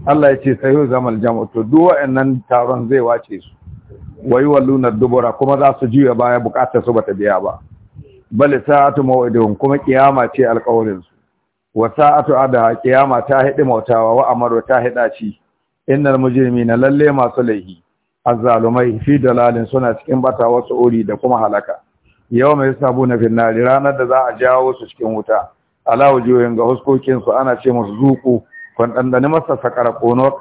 Allah ya ce yau zamal jam'u to duk wa'annan taron zai wace su Wai walluna dubura kuma za su juya baya bukatar su bata biya ba bal sa'atu maw'iduhum kuma kiyama ce alƙawarin su wa sa'atu ada kiyama ta hidi mautawa wa amaru ta hida ci innal mujrimina lalle masu laihi azzalumai fi dalalin suna cikin bata wasu ori da kuma halaka yau mai sabu na finnari ranar da za a jawo su cikin wuta ala wujuhin ga huskokin su ana ce musu zuƙu, kun dandani masa sakara ko na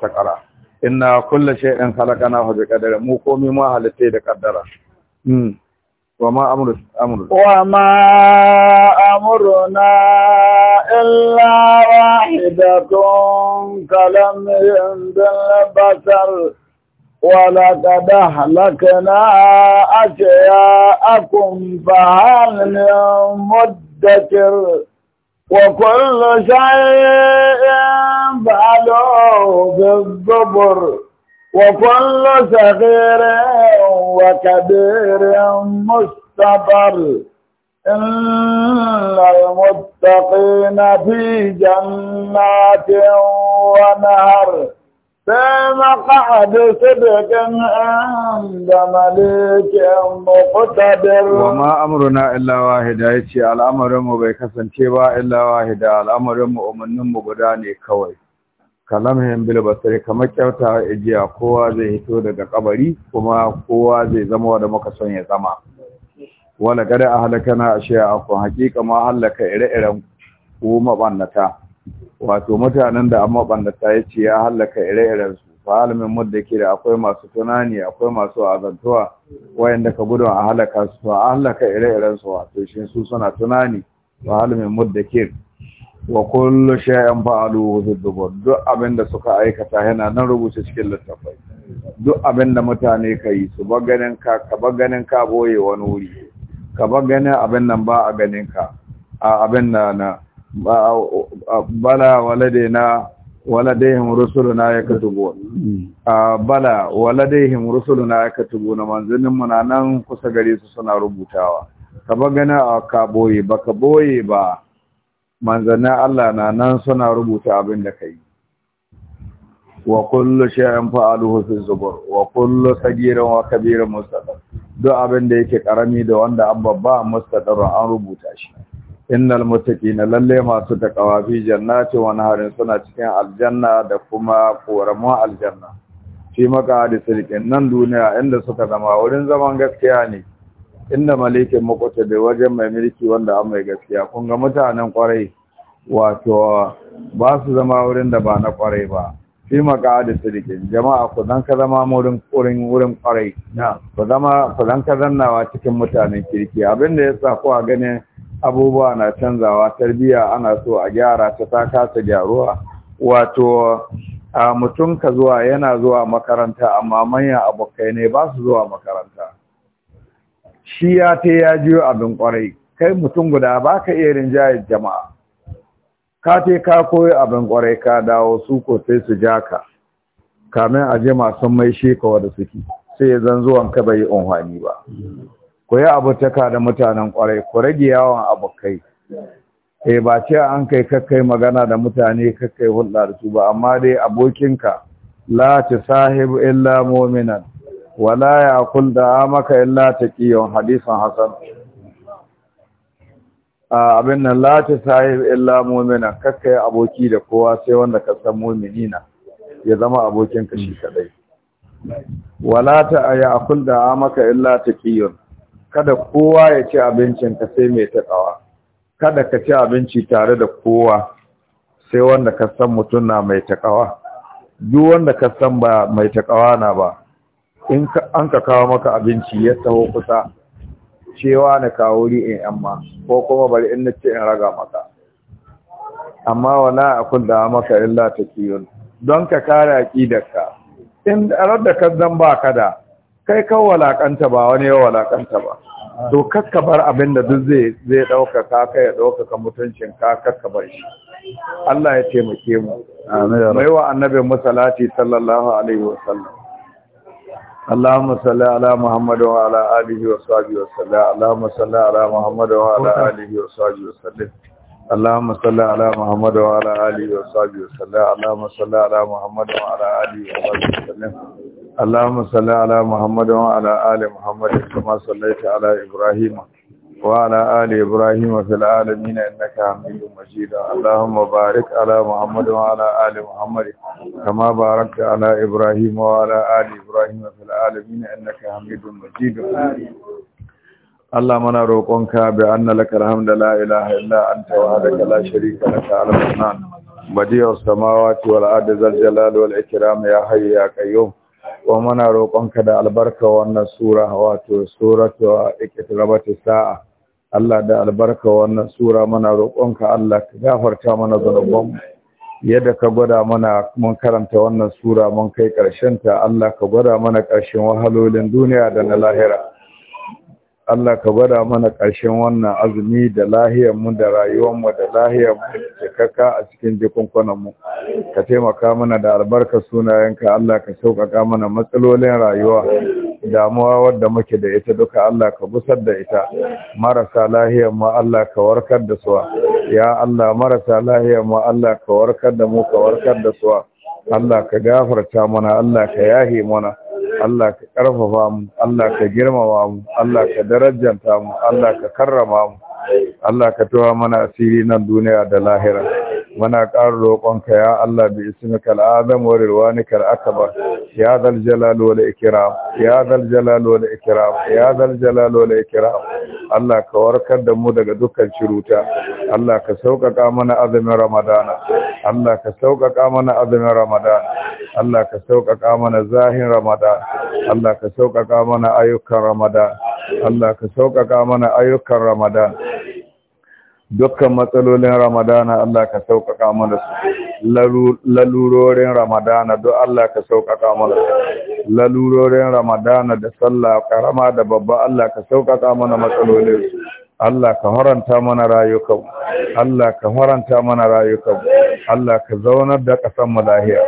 sakara inna kullu shay'in khalaqnahu bi qadar mu komai ma halitta da kaddara mm wa ma amru amru wa ma amruna illa wahidatun kalamin bil basar ولقد أهلكنا أشياءكم فهل من مدكر وكل شيء في الزبر وكل صغير وكبير مستبر إن المتقين في جنات ونهر في مقعد صدق عند مليك مقتدر وما أمرنا إلا واحدة يتي الأمر مبكسن تيبا إلا واحدة الأمر مؤمن مبداني كوي kalamhin bilbasari kamar kyauta ijiya kowa zai hito daga kabari kuma kowa zai zama wanda muka son ya zama wala kada ashe a ku hakika ma halaka ire-iren ku mabannata wato mutanen da amma ya yace ya halaka ire-iren su fa alamin mudda ke da akwai masu tunani akwai masu azantuwa wayanda ka gudu a halaka su a halaka ire-iren su wato shin su suna tunani fa alamin mudda ke wa kullu shay'in fa'aluhu zubur duk abinda suka aikata yana nan rubuce cikin littafai duk abinda mutane kai su ba ganin ka ka ba ganin ka boye wani wuri ka ba ganin abin nan ba a ganin ka a abin nan na bala waladaina waladayhim rusuluna yakatubun a bala waladayhim rusuluna na manzannin mu nan kusa gare su suna rubutawa ka ba ganin ka boye ba ka boye ba manzannin Allah na nan suna rubuta abin da kai wa kullu shay'in fa'aluhu fi zubur wa kullu sagirin wa kabirin mustaqar duk abin da yake karami da wanda an babba mustaqar an rubuta shi innal muttaqina lalle masu takawa fi jannati wa naharin suna cikin aljanna da kuma koramu aljanna fi maka da sirkin nan duniya inda suka zama wurin zaman gaskiya ne inda malikin makwata da wajen mai mulki wanda an mai gaskiya kun ga mutanen kwarai wato ba su zama wurin da ba na kwarai ba fi maka da sirikin jama'a ku zan ka zama wurin wurin kwarai ku zama ku zan ka zannawa cikin mutanen kirki abin da ya sa ku a ganin abubuwa na canzawa tarbiyya ana so a gyara ta ta kasa gyaruwa wato a mutum ka zuwa yana zuwa makaranta amma manyan abokai ne ba su zuwa makaranta shi ya ta ya jiyo abin kwarai kai mutum guda ba ka iya rinjaya jama'a ka ta ka koyi abin kwarai ka dawo su ko sai su ja ka kamin a jima sun mai shekawa da suke sai ya zan zuwan ka bai yi unhwani ba ku yi abutaka da mutanen kwarai ku rage yawan abokai eh ba ce an kai kakkai magana da mutane kakkai hulɗa da su ba amma dai abokinka la ta sahibu illa mominan. wala ya kun da maka illa taqiyon hadisan hasan abin nan la ta sahib illa mu'mina kakkai aboki da kowa sai wanda ka san na. ya zama abokin ka shi kadai wala ta ya kun da maka illa taqiyon kada kowa ya ci abincin ka sai mai takawa kada ka ci abinci tare da kowa sai wanda ka san mutum na mai takawa duk wanda ka san ba mai takawa na ba in an ka kawo maka abinci ya taho kusa cewa na kawo ri in amma ko kuma bari in nace in raga maka amma wala akul da maka illa takiyun don ka kare aqidarka in da ka zan ba ka da kai ka walakanta ba wani ya walakanta ba to kakka bar abin da duk zai zai dauka ka kai ya dauka ka mutuncin ka kakka bar shi Allah ya taimake mu amin mai wa annabi musallati sallallahu alaihi wasallam اللهم صل على محمد وعلى آله وصحبه وسلم اللهم صل على محمد وعلى آله وصحبه وسلم اللهم صل على محمد وعلى آله وصحبه وسلم اللهم صل على محمد وعلى آله وصحبه وسلم اللهم صل على محمد وعلى آل محمد كما صليت على إبراهيم وعلى آل إبراهيم في العالمين إنك حميد مجيد اللهم بارك على محمد وعلى آل محمد كما باركت على إبراهيم وعلى آل إبراهيم في العالمين إنك حميد مجيد اللهم منا بأن لك الحمد لا إله إلا أنت وحدك لا شريك لك على المنان بديع السماوات والأرض ذا الجلال والإكرام يا حي يا قيوم ومن muna roƙonka da albarka wannan واتو wato suratu الساعة Allah da albarka wannan sura mana roƙonka Allah ka gafarta mana zanubanmu yadda ka gwada mana mun karanta wannan sura mun kai ƙarshen ta Allah ka gwada mana ƙarshen wahalolin duniya da na lahira Allah ka gwada mana ƙarshen wannan azumi da lahiyarmu da rayuwarmu da lahiyarmu da kaka a cikin mu. ka taimaka mana da albarka sunayenka Allah ka sauƙaƙa mana matsalolin rayuwa damuwa wadda muke da ita duka Allah ka busar da ita marasa lahiyarmu Allah ka warkar da suwa ya Allah marasa lahiyarmu Allah ka warkar da mu ka warkar da suwa Allah ka gafarta mana Allah ka yahe mana Allah ka ƙarfafa mu Allah ka girmama mu Allah ka darajanta mu Allah ka karrama mu Allah ka tuwa mana asiri nan duniya da lahira muna ƙara roƙonka ya Allah bi ismikal azam wa rilwanikal akbar ya zal jalal wal ikram ya zal jalal wal ikram ya zal jalal wal ikram Allah ka warkar da mu daga dukkan ciruta Allah ka sauƙaƙa mana azumin ramadana Allah ka sauƙaƙa mana azumin ramadana Allah ka sauƙaƙa mana zahin ramadana Allah ka sauƙaƙa mana ayyukan ramadana Allah ka sauƙaƙa mana ayyukan ramadana dukkan matsalolin ramadana Allah ka sauƙaƙa mana su lalurorin ramadana don Allah ka sauƙaƙa mana su lalurorin ramadana da sallah karama da babba Allah ka sauƙaƙa mana matsalolin su Allah ka haranta mana rayuka Allah ka haranta mana rayuka Allah ka zaunar da ƙasar mu lahiya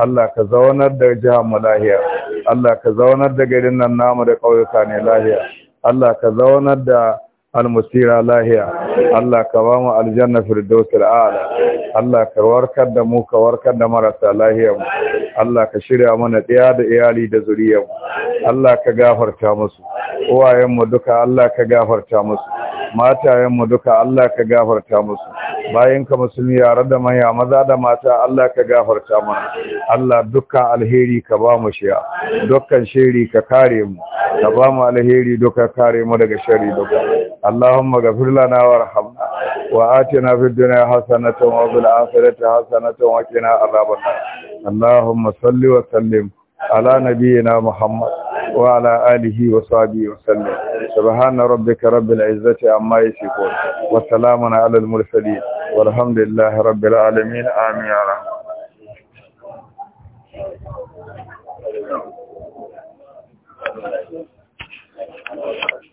Allah ka zaunar da jihar mu lahiya Allah ka zaunar da garin nan namu da ƙauyuka ne lahiya Allah ka zaunar da almusira lahiya Allah ka ba mu aljanna firdausul a'la Allah ka warkar da mu ka warkar da marasa lahiya mu Allah ka shirya mana ɗaya da iyali da zuriyar mu Allah ka gafarta musu uwayen mu duka Allah ka gafarta musu matayen mu duka Allah ka gafarta musu bayan ka musulmi yare da maya, maza da mata Allah ka gafarta mana Allah dukkan alheri ka ba mu shiya dukkan shiri ka kare mu ka ba mu alheri duka kare mu daga shari duka اللهم اغفر لنا وارحمنا وآتنا في الدنيا حسنة وفي الآخرة حسنة وقنا عذاب النار اللهم صل وسلم على نبينا محمد وعلى آله وصحبه وسلم سبحان ربك رب العزة عما يصفون وسلام على المرسلين والحمد لله رب العالمين آمين يا رحمة Thank you.